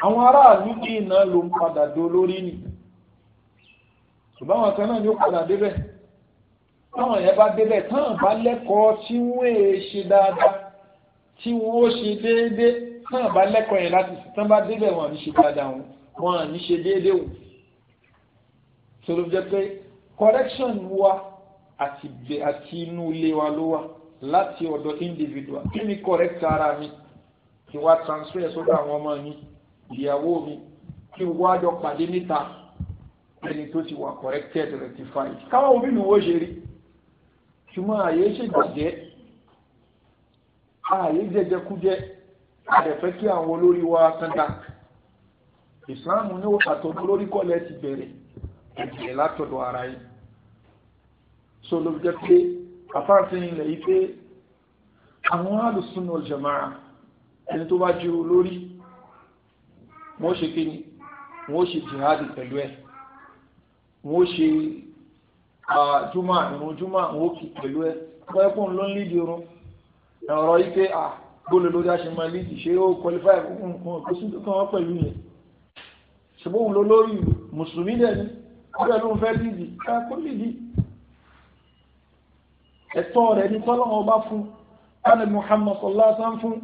àwọn aráàlú bí iná ló ń padà do olórí ni ṣùgbọ́n àwọn kan náà ni ó padà débẹ̀ táwọn yẹn bá débẹ̀ táwọn bá lẹ́kọ̀ọ́ tí wọ́n èè e ṣe dáadáa tí wọ́n ó ṣe déédéé táwọn bá lẹ́kọ̀ọ́ yẹn láti tán bá débẹ̀ wọn à ní ṣe dáadáa wọn wọn à so ló pé correction wa àti inú ilé wa ló wà láti ọ̀dọ̀ individual kí ni correct ara mi kí wá transfer sódà àwọn ọmọ mi ìyàwó mi kí wọ́n jọ pàdé níta ẹni tó ti wà corrected rectified káwọn òbí mi wọ́n ṣe rí ṣùgbọ́n àyè ṣègbàjẹ́ ààyè jẹjẹkújẹ àdẹ̀fẹ́ kí àwọn olórí wa kan dà ìsìláàmù ní òṣàtò olórí kọ́lẹ̀ ti bẹ̀rẹ̀ ẹ̀jẹ̀ látọ̀dọ̀ ara yìí so ló jẹ́ pé àfáàfin ilẹ̀ yìí pé àwọn alùsùn wal jamaa ẹni tó bá ju olórí wọ́n ṣe kí ni wọ́n ṣe jihadi pẹ̀lú ẹ̀ wọ́n ṣe juma ìrun juma wọ́n kì pẹ̀lú ẹ̀ wọ́n ẹ̀kọ́ ló ń lídìí irun ọ̀rọ̀ yìí pé à bóòlù ló dá lídìí ṣé ó qualify fún nǹkan kó sí kan wọ́n pẹ̀lú yẹn ṣùgbọ́n òun ló lórí mùsùlùmí dẹ̀ ọjọ́ ló ń fẹ́ lídìí ká kó lídìí ẹ̀tọ́ rẹ̀ ní tọ́lọ́mọ ọba fún kánẹ̀ Muhammad sọlá sán fún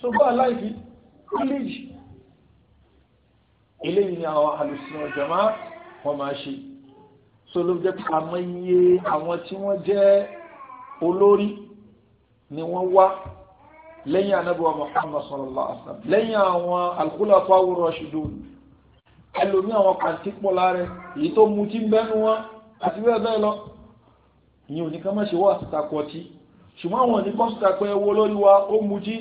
ṣùgbọ́n aláìfi kó lídìí eléyìí ni àwọn àlùsùn ọ̀jọ̀má wọn máa ṣe sọlọ jẹ àmọ́ iye àwọn tí wọ́n jẹ́ olórí ni wọ́n wá lẹ́yìn anábíwá Muhammad sọlá lẹ́yìn àwọn al-khulafa ar ẹlòmí àwọn pàǹtí pọ̀ lára èyí tó mu tí ń bẹ́nu wọn àti bẹ́ẹ̀ bẹ́ẹ̀ lọ ìyẹn ò ní ká má ṣe wá àtakọ̀ tí ṣùgbọ́n àwọn òní kọ́ síta pé lórí wa ó mu jí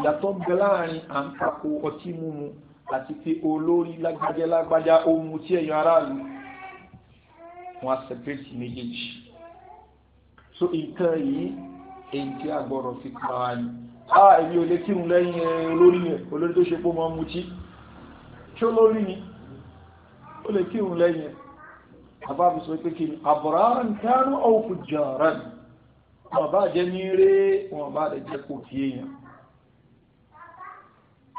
ìyàtọ̀ ń bẹ láàrin à ń tako ọtí mímu àti pé olórí lágbájá lágbájá ó mu tí ẹ̀yin aráàlú wọn á sẹpẹ́tì méjèèjì so nǹkan yìí èyí tí a gbọ́dọ̀ fi pa á ní. a ah, èmi ò lè kírun lẹ́yìn olórí yẹn olórí tó ṣe pé ó máa tí ṣó lórí ni ó lè kí òun lẹ́yìn àbábi sọ pé kí ni àbọ̀rá ń kánú ọ̀kù jàrá ni wọn bá jẹ ní eré wọn bá lè jẹ kòkí èèyàn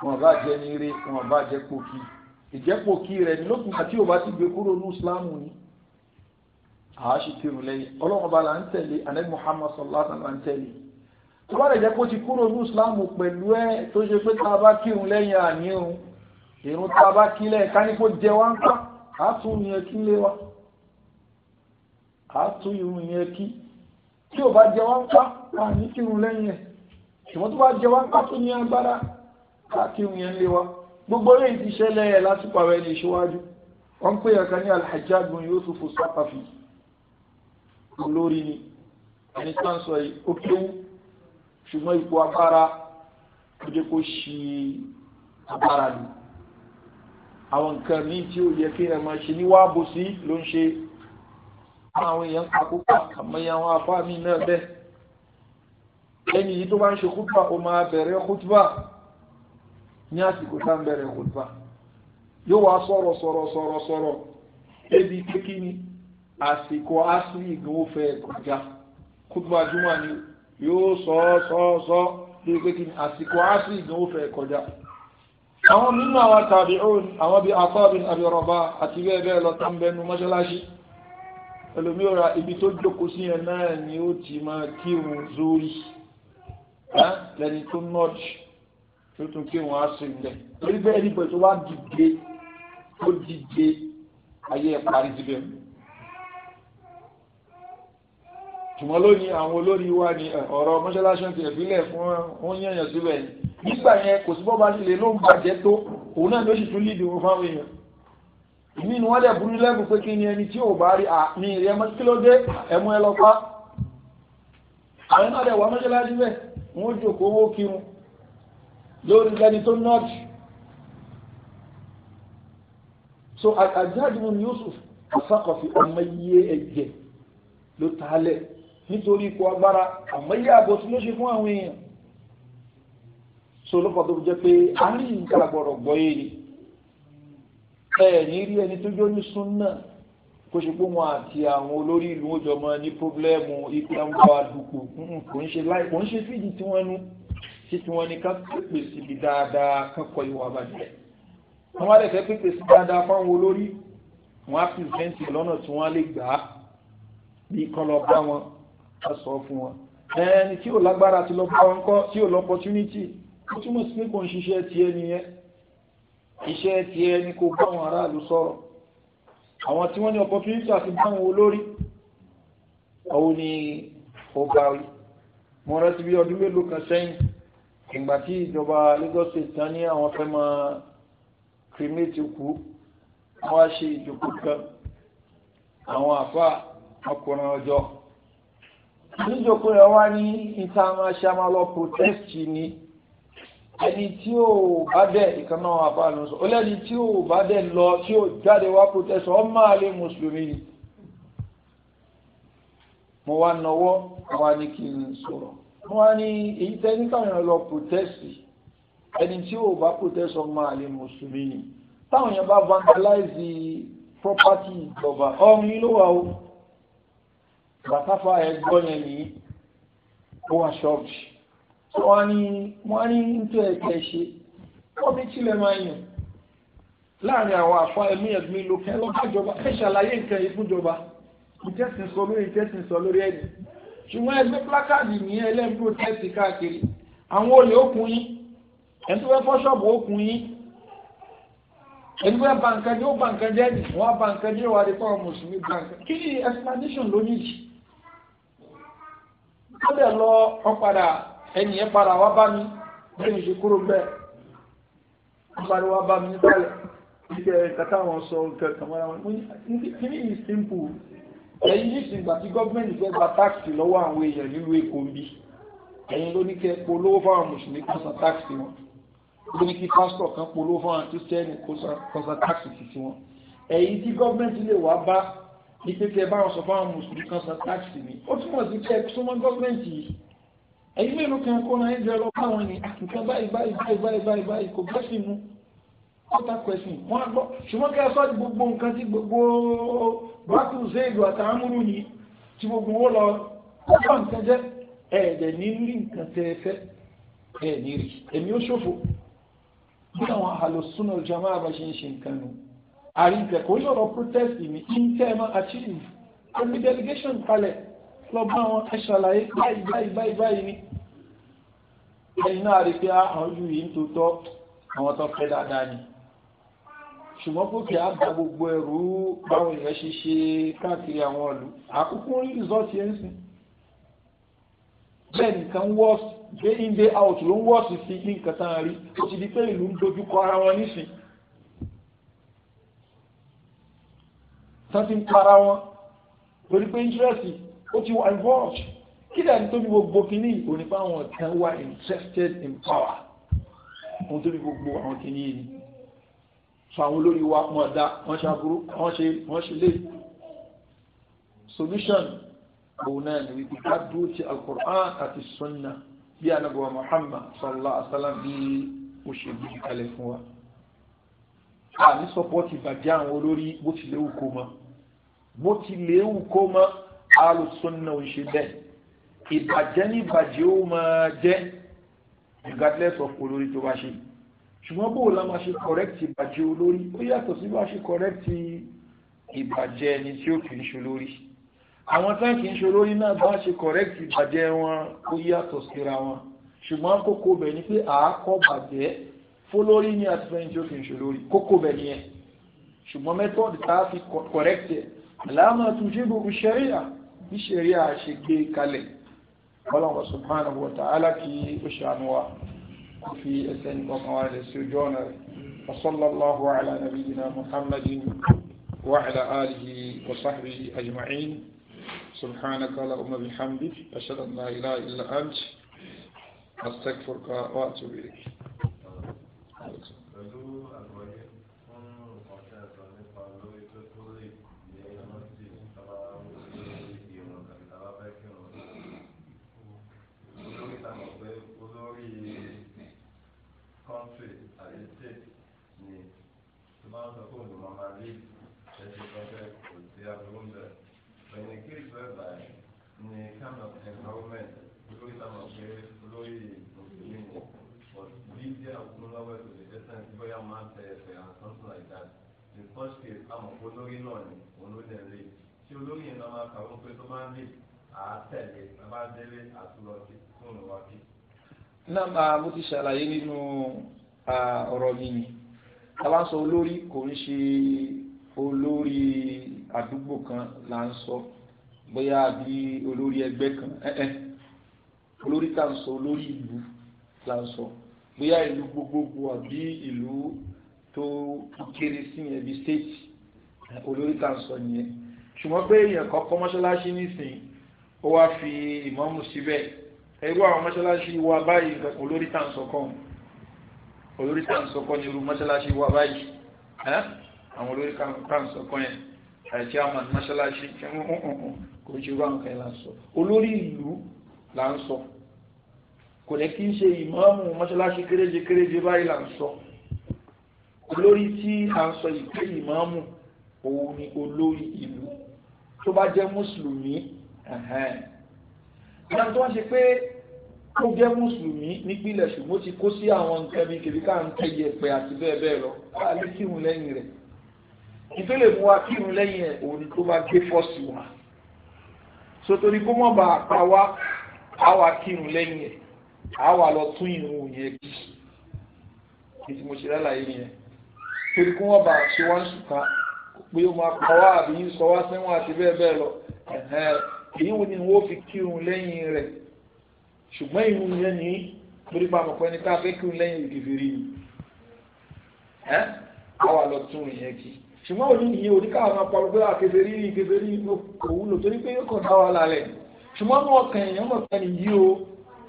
wọn bá jẹ ní eré wọn bá jẹ kòkí ìjẹ́pòkí rẹ̀ ní lókun àti òbá ti gbé kúrò ní ìsìláàmù ni àáṣì kírun lẹ́yìn ọlọ́run bá la ń tẹ̀lé anabi muhammad sallallahu alaihi wa sallam tó bá lè jẹ́ kó ti kúrò ní ìsìláàmù pẹ̀lú ẹ tó ṣe pé tá a bá kírun lẹ́yìn àníhun irun tá a bá kílẹ̀ ká ní kó jẹ wá ń pa á tún yẹn kí lé wa á tún irun yẹn kí tí ò bá jẹ wá ń pa á ní kírun lẹ́yìn ẹ̀ ṣùgbọ́n tó bá jẹ wá ń pa tó ní agbára ká kírun yẹn lé wa gbogbo rẹ̀ ti ṣẹlẹ̀ ẹ̀ lásìkò àwọn ẹni ìṣíwájú wọ́n pè é kan ní Al-Hajjaj bin Yusuf Saqafi olórí ni ẹni tó ń sọ yìí ó kéwú ṣùgbọ́n ipò agbára ó jẹ́ kó ṣí agbára ni àwọn nǹkan míì tí ó yẹ kí ẹ máa ṣe ní wá bó sí ló ń ṣe àwọn èèyàn kakópa àmọye àwọn afá mi náà bẹ́ẹ̀ ẹni yìí tó bá ń ṣe kútùbà ó máa bẹ̀rẹ̀ kútùbà ní àsìkò tá ń bẹ̀rẹ̀ kútùbà yóò wá sọ̀rọ̀ sọ̀rọ̀ sọ̀rọ̀ sọ̀rọ̀ ebi kékí ni àsìkò asiri gan ó fẹ́ kọjá kútùbà júmọ̀ ni yóò sọ sọ sọ lórí kékí àsìkò asiri gan ó fẹ́ kọjá àwọn nínú àwọn tàbíùn àwọn bíi afábin abirọba àti bẹ́ẹ̀ bẹ́ẹ̀ lọ tán bẹnu mọ́ṣáláṣí ẹlòmíọ́ra ibi tó jókòó sí yẹn náà ni ó ti máa kírun zórí lẹ́ni tó nọ́ọ̀tì tó tún kírun á sí ilẹ̀ torí bẹ́ẹ̀ níbo tó bá dìde tó dìde ayé ẹ̀ parí síbẹ̀ jùmọ̀ lónìí àwọn olórí wa ni ọ̀rọ̀ mọ́ṣáláṣí ti ẹ̀fílẹ̀ fún wọn yẹ̀yàn síbẹ̀ yìí nígbà yẹn kò sí bọ́ba ṣe lè ló ń bàjẹ́ tó òun náà ló sì tún lídìí wọn fáwọn èèyàn ìmí ni wọ́n dẹ̀ burú lẹ́gùn pé kí ni ẹni tí ò bá rí àmì rẹ̀ mọ́ kí ló dé ẹ̀mú ẹ lọ pa àwọn náà dẹ̀ wà mọ́ṣáláṣí bẹ́ẹ̀ wọ́n jókòó owó kírun lórí lẹ́ni tó nọ́ọ̀tì so àjáde mu Yusuf asakọ̀fi ọmọ iye ẹ̀jẹ̀ ló ta á lẹ̀ nítorí ipò agbára àmọ́ iye àbòsí ló ṣe fún àwọn èèyàn so lọ́pọ̀ tó jẹ́ pé a ń rí nǹkan àgbọ̀rọ̀ gbọ́ yé ni ẹ̀yìn rí ẹni tó jó ní súnà kó ṣe pé wọn àti àwọn olórí ìlú ó jọmọ ní pọ́blẹ́mù ipe ń bá dùpò kò ń ṣe láì kò ń ṣe fídì tí wọ́n nú sí tí wọ́n ní ká pèpè síbi dáadáa kọ́kọ́ ìwà àbàjẹ́ wọ́n wá fẹ́ pèpè sí dáadáa fáwọn olórí wọ́n á pìrìsẹ́ǹtì lọ́nà tí wọ́n lè gbà á bí kọ́ bá wọn á sọ fún wọn ẹni tí ò lágbára ti lọ bá wọn kọ́ tí ò lọ opportunity ó túmọ̀ sí pé kò ń ṣiṣẹ́ tiẹ̀ nìyẹn iṣẹ́ tiẹ̀ ni kò bá àwọn aráàlú sọ̀rọ̀ àwọn tí wọ́n ní opportunity àti báwọn olórí àwọn ni ó bá rí mo rántí bí ọdún mélòó kan sẹ́yìn ìgbà tí ìjọba Lagos State tán ní àwọn fẹ́ máa cremate kú wọ́n á ṣe ìjókòó kan àwọn àfa ọkùnrin ọjọ́ níjókòó yẹn wá ní ìta máa ṣe máa protest ni ẹni tí ò bá dẹ̀ ìkan náà wà fáwọn sọ ọlẹ́ni tí ò bá dẹ̀ lọ tí ò jáde wá protest ọ máa lé mùsùlùmí ni mo wá nọwọ́ mo wá ní kí n sọ̀rọ̀ mo wá ní èyí tẹ́ ní káwọn èèyàn lọ protest ẹni tí ò bá protest ọ máa lé mùsùlùmí ni táwọn èèyàn bá vandalize property ìjọba ọmọ yìí ló wà ó bàtàfà ẹgbọ́n yẹn nìyí ó wà ṣọ́ọ̀bù wọ́n ní wọ́n ní nítorí ẹ̀kẹ́ ṣe wọ́n mi tilẹ̀ máa yàn láàrin àwọn àfa ẹ̀mí ẹ̀gbìn ló kẹ́ lọ́gbàjọba ẹ̀ ṣàlàyé nǹkan ìfúnjọba ìjẹ́sìn sọ lórí ìjẹ́sìn sọ lórí ẹ̀dì ṣùgbọ́n ẹgbẹ́ plákáàdì ní ẹlẹ́gbẹ́ protesti káàkiri àwọn olè okùnrin ẹni tó fẹ́ fọ́ ṣọ́ọ̀bù okùnrin ẹni bẹ́ẹ̀ ba nǹkan jẹ́ ó ba nǹkan jẹ́ ni wọ́n ba nǹkan jẹ́ wà di pa mùsùlùmí ba nǹkan kí ni explanation ló yìí. ó lè lọ ọ padà ẹni yẹn padà wá bá mi bẹ́ẹ̀ ni ṣe kúrò bẹ́ẹ̀ wọ́n parí wá bá mi nísàlẹ̀ níbi ẹ̀ kàtà wọn sọ nǹkan kan wọn kí ni simple ẹ̀yin nísìnyí gbà tí gọ́ọ̀mẹ̀ntì fẹ́ gba táàkì lọ́wọ́ àwọn èèyàn nílùú Èkó ń bí ẹ̀yin ló ní kẹ́ polówó fáwọn mùsùlùmí kan san táàkì wọn ló ní kí pásítọ̀ kan polówó fáwọn kírísítẹ́nì kan san táàkì títí wọn ẹ̀yin tí gọ́ọ̀mẹ̀ntì lè wá bá ní pé kẹ́ báwọn sọ fáwọn mùsùlùmí kan san táàkì mi ó túmọ̀ sí kẹ́ súnmọ́ gọ́ọ̀mẹ̀ntì yìí ẹ̀yin mélòó kan kó náà ẹ̀jẹ̀ lọ báwọn ni ah, nǹkan báyìí báyìí báyìí báyìí báyìí báyìí kò gbọ́ sí mu ọ̀tá kwẹ̀sìn wọ́n á gbọ́ ṣùgbọ́n kí a sọ́ọ́ di gbogbo nǹkan tí gbogbo bákú zéèdù àtàmúrú yìí tí gbogbo wọn lọ ọ̀pọ̀ nǹkan jẹ́ ẹ̀ẹ̀dẹ̀ ní rí nǹkan tẹ́ ẹ fẹ́ ẹ̀ ní rí èmi ó ṣòfò bí àwọn àlòsúnà ìjàmbá bá ṣe ń ṣe nǹkan nù àríkẹ́ kò sọ̀rọ̀ protest mi kí n tẹ́ ẹ máa achieve omi delegation kalẹ̀ lọ bá wọn ẹ ṣàlàyé báyìí báyìí báyìí báyìí ni ẹni náà rí pé àwọn ojú yìí ń tòótọ́ àwọn tó fẹ́ dáadáa ni ṣùgbọ́n kò kí á gba gbogbo ẹrù báwọn èèyàn ṣe ṣe káàkiri àwọn ọ̀lù àkókò ń rìsọ́ọ̀tì ẹ̀ ń sìn bẹ́ẹ̀ nìkan wọ́ọ̀sì gbé in day out ló ń wọ́ọ̀sì sí nǹkan tán rí ó ti di pé ìlú ń dojúkọ ara wọn nísìn tán ti ń para wọn torí pé interest ó ti wà involved kí dàbí tó ní gbogbo kínní onípa àwọn kan wá interested in power wọn tó ní gbogbo àwọn kínní ni so àwọn olórí wa wọn da wọn ṣàbúrú wọn ṣe wọn ṣe lé solution òun náà ni wípé ká dúró ti alukur'an àti sunna bí anabuwa muhammad sallallahu alaihi wa sallam bí ó ṣe bí kalẹ̀ fún wa a ní sọpọ́tì bàjẹ́ àwọn olórí bó ti léwu kó mọ́ bó ti léwu kó mọ́ alùsùn náà ń ṣe bẹ́ẹ̀ ìbàjẹ́ ní ìbàjẹ́ ó máa jẹ́ regardless of olórí tó bá ṣe ṣùgbọ́n bó o la máa ṣe correct ìbàjẹ́ olórí ó yàtọ̀ sí bá ṣe correct ìbàjẹ́ ẹni tí ó kì í ṣe olórí àwọn tán kì ṣe olórí náà bá ṣe correct ìbàjẹ́ wọn ó yàtọ̀ síra wọn ṣùgbọ́n kókó bẹ̀ ni pé àákọ́ bàjẹ́ fólórí ní àtìlẹ́yìn tí ó kì í ṣe olórí kókó bẹ̀ ni ẹ̀ ṣùgbọ́n method tá a fi correct ẹ̀ àlámà tún ṣe gbogbo ṣẹ́ríà bí ṣẹ́ríà ṣe gbé kalẹ̀ ọlọ́wọ́ subhanahu wa ta'ala kí ó ṣàánú kó fi ẹsẹ̀ nìkọ̀kan wa rẹ̀ sí ojú ọ̀nà wa sallallahu ala nabiyyina muhammadin wa ala alihi wa sahbihi ajma'in subhanaka la umma bihamdik ashhadu an la ilaha illa ant astaghfiruka wa atubu ilayk máa ń sọ fún olùmọ̀ máa lé ẹsẹ̀ pẹ́pẹ́ kò sí aburú ń bẹ̀. But in a case whereby in a kind of environment olórí sábà pé olórí mùsùlùmí ni but bíbí àkúnlọ́wọ́ ètò ìdẹ́sẹ̀ tí bóyá máa ń tẹ ẹ̀fẹ̀ and something like that. In such case, àmọ̀ pé olórí náà ni òun ló dẹ̀ lé. Tí olórí yẹn náà máa kàwé pé tó máa ń lè ti ṣàlàyé nínú ọ̀rọ̀ mi tàbá ń sọ olórí kò ń ṣe olórí àdúgbò kan là ń sọ bóyá bí olórí ẹgbẹ́ kan ẹ̀ẹ́ olórí tá à ń sọ olórí ìlú là ń sọ bóyá ìlú gbogbogbò àbí ìlú tó kéré sí yẹn bí state olórí tá ń sọ nìyẹn ṣùgbọ́n pé èèyàn kan kọ́ mọ́ṣáláṣí nísìn ó wá fi ìmáàmù síbẹ̀ irú àwọn mọ́ṣáláṣí wa báyìí olórí tá à ń sọ kọ́ ọ̀hún olórí tá à ń sọkọ ní irú mọ́ṣáláṣí wa báyìí ẹ́ àwọn olórí tá à ń sọkọ yẹn àìsí àmà mọ́ṣáláṣí kò ṣe wá nǹkan yẹn là ń sọ olórí ìlú là ń sọ kò ní kí n ṣe ìmáàmù mọ́ṣáláṣí kéréje kéréje báyìí là ń sọ olórí tí à ń sọ ìpè ìmáàmù òun ni olórí ìlú tó bá jẹ́ mùsùlùmí ẹ̀hẹ́n. ìyá tó wá ṣe pé ó jẹ́ mùsùlùmí nípìnlẹ̀ ṣùgbọ́n ó ti kó sí àwọn nǹkan bíi kèríkà ń tẹ yẹ̀pẹ̀ àti bẹ́ẹ̀ bẹ́ẹ̀ lọ wá lé kírun lẹ́yìn rẹ̀ ìfẹ́lẹ̀ mú wa kírun lẹ́yìn ẹ̀ òun tó bá gbé fọ́ọ̀sì wa sotori kó mọ̀ bá a pa wá a wá kírun lẹ́yìn ẹ̀ a wá lọ tún ìrun yẹn kí ètò mo ṣe lálàyé yẹn torí kó mọ̀ bá a ṣe wá ń sùkà pé ó máa pa wá àbí sọ wá sẹ́wọ̀n àti bẹ́ẹ̀ bẹ́ẹ̀ lọ èyí wo ni wọ́n fi kírun lẹ́yìn rẹ̀ ṣùgbọ́n ìrun yẹn ní torí pa àmọ̀pẹ́ ní káfẹ́ kí n lẹ́yìn ìdìbìrì ni ẹ́ àwa lọ tún rìn yẹn kí ṣùgbọ́n òní nìyẹn oníkàwọn máa parọ́ pé àkèfèrí ìkèfèrí òwúlò torí pé yóò kàn dá wa lálẹ́ ṣùgbọ́n mọ̀ ọkàn èèyàn mọ̀ ọkàn nìyí o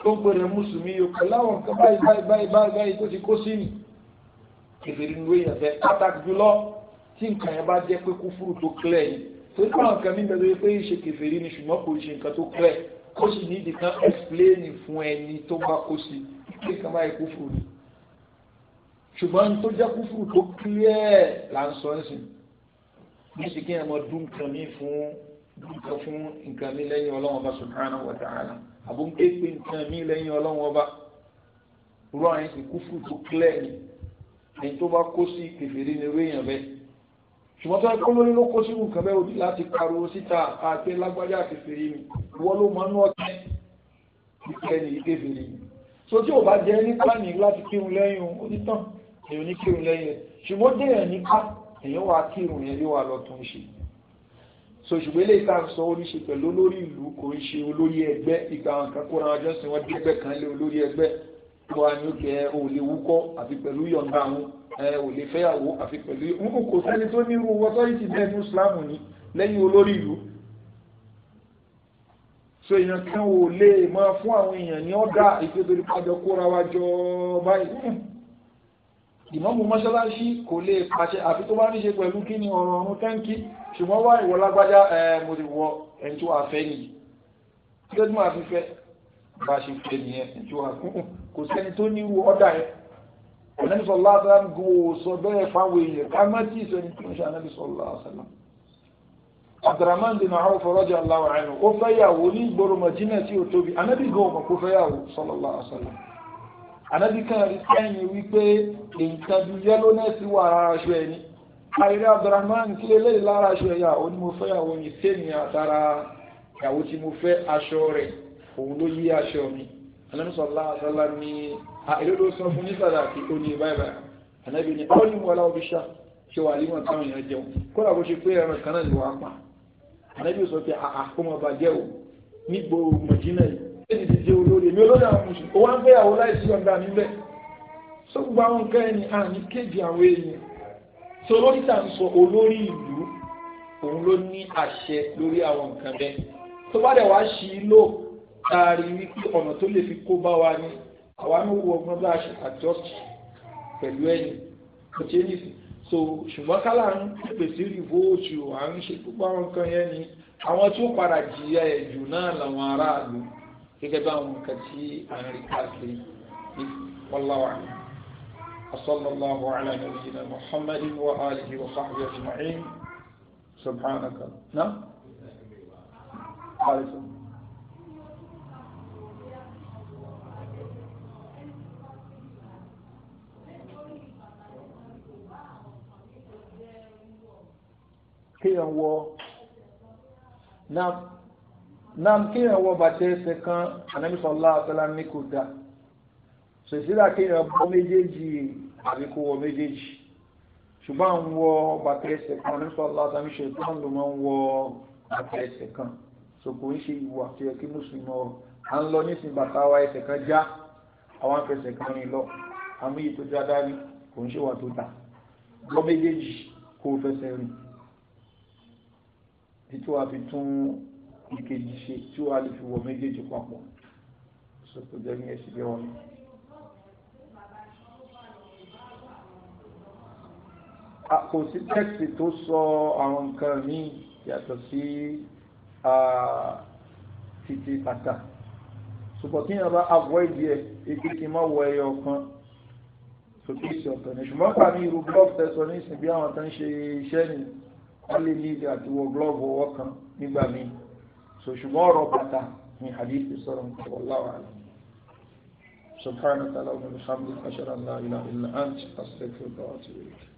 tó ń pèrè mùsùlùmí o pẹ̀lú àwọn nǹkan báyìí báyìí báyìí báyìí báyìí tó ti kó sí ni kèfèrí ń wé yẹ̀fẹ́ pàtàkì jùlọ tí nǹkan yẹn bá jẹ́ pé kúfúrú tó clear yìí torí pé àwọn nǹkan mi ó sì ní ìdí kan ẹ́sìpléènì fún ẹni tó bá kó sí kí nǹkan báyìí kú fún mi ṣùgbọ́n tó jẹ́ kú fún tó clear là ń sọ ẹ́sìn ní sì kí ẹ̀mọ dún nǹkan mi fún nǹkan fún nǹkan mi lẹ́yìn ọlọ́wọ́n ọba subhanahu wa ta'ala àbúké pé nǹkan mi lẹ́yìn ọlọ́wọ́n ọba rọ àyìn sì fún tó clear ni ẹni tó bá kó sí kèfèrí ni wéèyàn bẹ́ẹ̀ ṣùgbọ́n tó ẹ̀kọ́ lórí ló kó sínú nǹkan bẹ́ẹ̀ òdì láti pariwo síta àti lágbájá àti fèrè mi ìwọ ló máa ń nú ọ̀tẹ́ ìkẹ́ ní ìdè fèrè mi so tí ò bá jẹ́ nípa ní láti kírun lẹ́yìn onítàn èèyàn ní kírun lẹ́yìn rẹ̀ ṣùgbọ́n déèyàn nípa èèyàn wà kírun yẹn yóò wà lọ tún ṣe so ṣùgbọ́n eléyìí tá sọ ó pẹ̀lú olórí ìlú kò ń ṣe olórí ẹgbẹ́ ìgbà nǹkan kan lé ẹ ò lè fẹ́yàwó àfi pẹ̀lú ìhun kò sẹ́ni tó ní irú ọtọ́rìtì bẹ́ẹ̀ ní ìsìlámù ni lẹ́yìn olórí ìlú so èèyàn kan ò lè máa fún àwọn èèyàn ní ọ̀dà ìfẹ́bẹ̀rẹ̀ pàjọ kóra wa jọ báyìí hmm. ìmọ̀mù mọ́ṣáláṣí kò lè pàṣẹ àfi tó bá ní ṣe pẹ̀lú kí ni ọ̀rọ̀ ọ̀run tẹ́ǹkì ṣùgbọ́n wá ìwọ lágbájá mo ti wọ ẹni tó nìyí kí ló dé máa fẹ́ bá ṣe fẹ́ nìyẹn ẹni tó hmm. kò sẹ́ni tó ní irú ọ̀dà yẹn ànábì sallallahu alaihi wasallam gò sọ bẹ́ẹ̀ fáwọn èèyàn ká má tí ì sọ ní tó ń ṣe ànábì sallallahu alaihi wasallam abdulrahman bin Awf radiyallahu anhu ó fẹ́yàwó ní ìgboro Madina tí ó tóbi ànábì gan ọmọ fẹ́yàwó sallallahu alaihi wasallam ànábì kan rí sẹ́yìn wípé nǹkan bíi yẹ́lò náà sì wà ara aṣọ ẹni àìrẹ́ abdulrahman kí eléyìí lára aṣọ ẹ̀yà ó ní mo fẹ́yàwó yìí sẹ́yìn àtàrà ìyàwó tí mo fẹ́ aṣọ rẹ̀ òun ló yí aṣọ mi anabi sọlá àṣálà ní àìlélò san fún nísàlá àti ó ní báyìí báyìí anabi ní ọ́ ní mo aláwọ̀ bí ṣá ṣe wà líwọ̀n táwọn èèyàn jẹun kódà bó ṣe pé ẹran kan náà ni wàá pa anabi sọ pé àà ah, ah, kó mọ bàjẹ́ o nígbò mọ̀jínà yìí ẹni ti jẹ olórí èmi olórí àwọn mùsùlùmí ó wá ń fẹ́yàwó láìsí ọ̀dà níbẹ̀ sọ gbogbo àwọn nǹkan ẹni àní ah, kéjì àwọn èèyàn sọ lórí tà ń sọ olórí ìlú òun ló ní àṣẹ lórí àwọn nǹkan bẹ́ẹ̀ tó bá dẹ̀ wá ṣí lóò taari wípé ọ̀nà tó lè fi kó bá wa ni àwa ní wo ọgbọ́n bá a ṣe adjust pẹ̀lú ẹ̀yìn kò tí ó ní sí so ṣùgbọ́n kálá ń pèpè sí rìvóòtù à ń ṣe gbogbo àwọn nǹkan yẹn ni àwọn tí ó padà jìyà ẹ̀ jù náà làwọn aráàlú gẹ́gẹ́ bí àwọn nǹkan tí à ń rí káàkiri ní wọ́láwà وصلى الله على نبينا محمد وآله وصحبه أجمعين سبحانك نعم عليكم kéèyàn wọ nam kéèyàn wọ bàtà ẹsẹ̀ kan Ànábì sallallahu alaihi wasallam ní kò dáa sèṣìlá kéèyàn bọ́ méjèèjì àbí kó wọ méjèèjì ṣùgbọ́n àwọn wọ bàtà ẹsẹ̀ kan Ànábì sallallahu alaihi wasallam ṣe tán ló máa ń wọ bàtà ẹsẹ̀ kan sòkò ń ṣe ìwà tó yẹ kí mùsùlùmí ọ à ń lọ nísìnyí bàtà wa ẹsẹ̀ kan já àwọn afẹsẹ̀ kan rìn lọ àmì yìí tó já dání kò ń ṣe wà tó dà lọ méjèèjì kó o rìn tí wàá fi tún ìkejì ṣe tí wàá lè fi wọ méjèèjì papọ̀ sọ́kò jẹ́ ní ẹ̀sìn bí wọ́n. kò sí tẹ́kìtì tó sọ àwọn nǹkan míì yàtọ̀ sí títí bàtà ṣùgbọ́n kí yàrá avoid yẹ ibi tí má wọ ẹyọ kan sókè sí ọ̀tọ̀ ni ṣùgbọ́n pàmì irú glove tẹ̀sán ní ìsìn bí àwọn tó ń ṣe iṣẹ́ nìyí wọ́n lè ní ìdí àti wọ glove ọwọ́ kan nígbà míì so ṣùgbọ́n ọ̀rọ̀ bàtà ni hadith sọ̀rọ̀ nǹkan wallahu a'lam subhanaka allahumma wa bihamdika ashhadu an la ilaha illa anta astaghfiruka wa atubu ilayk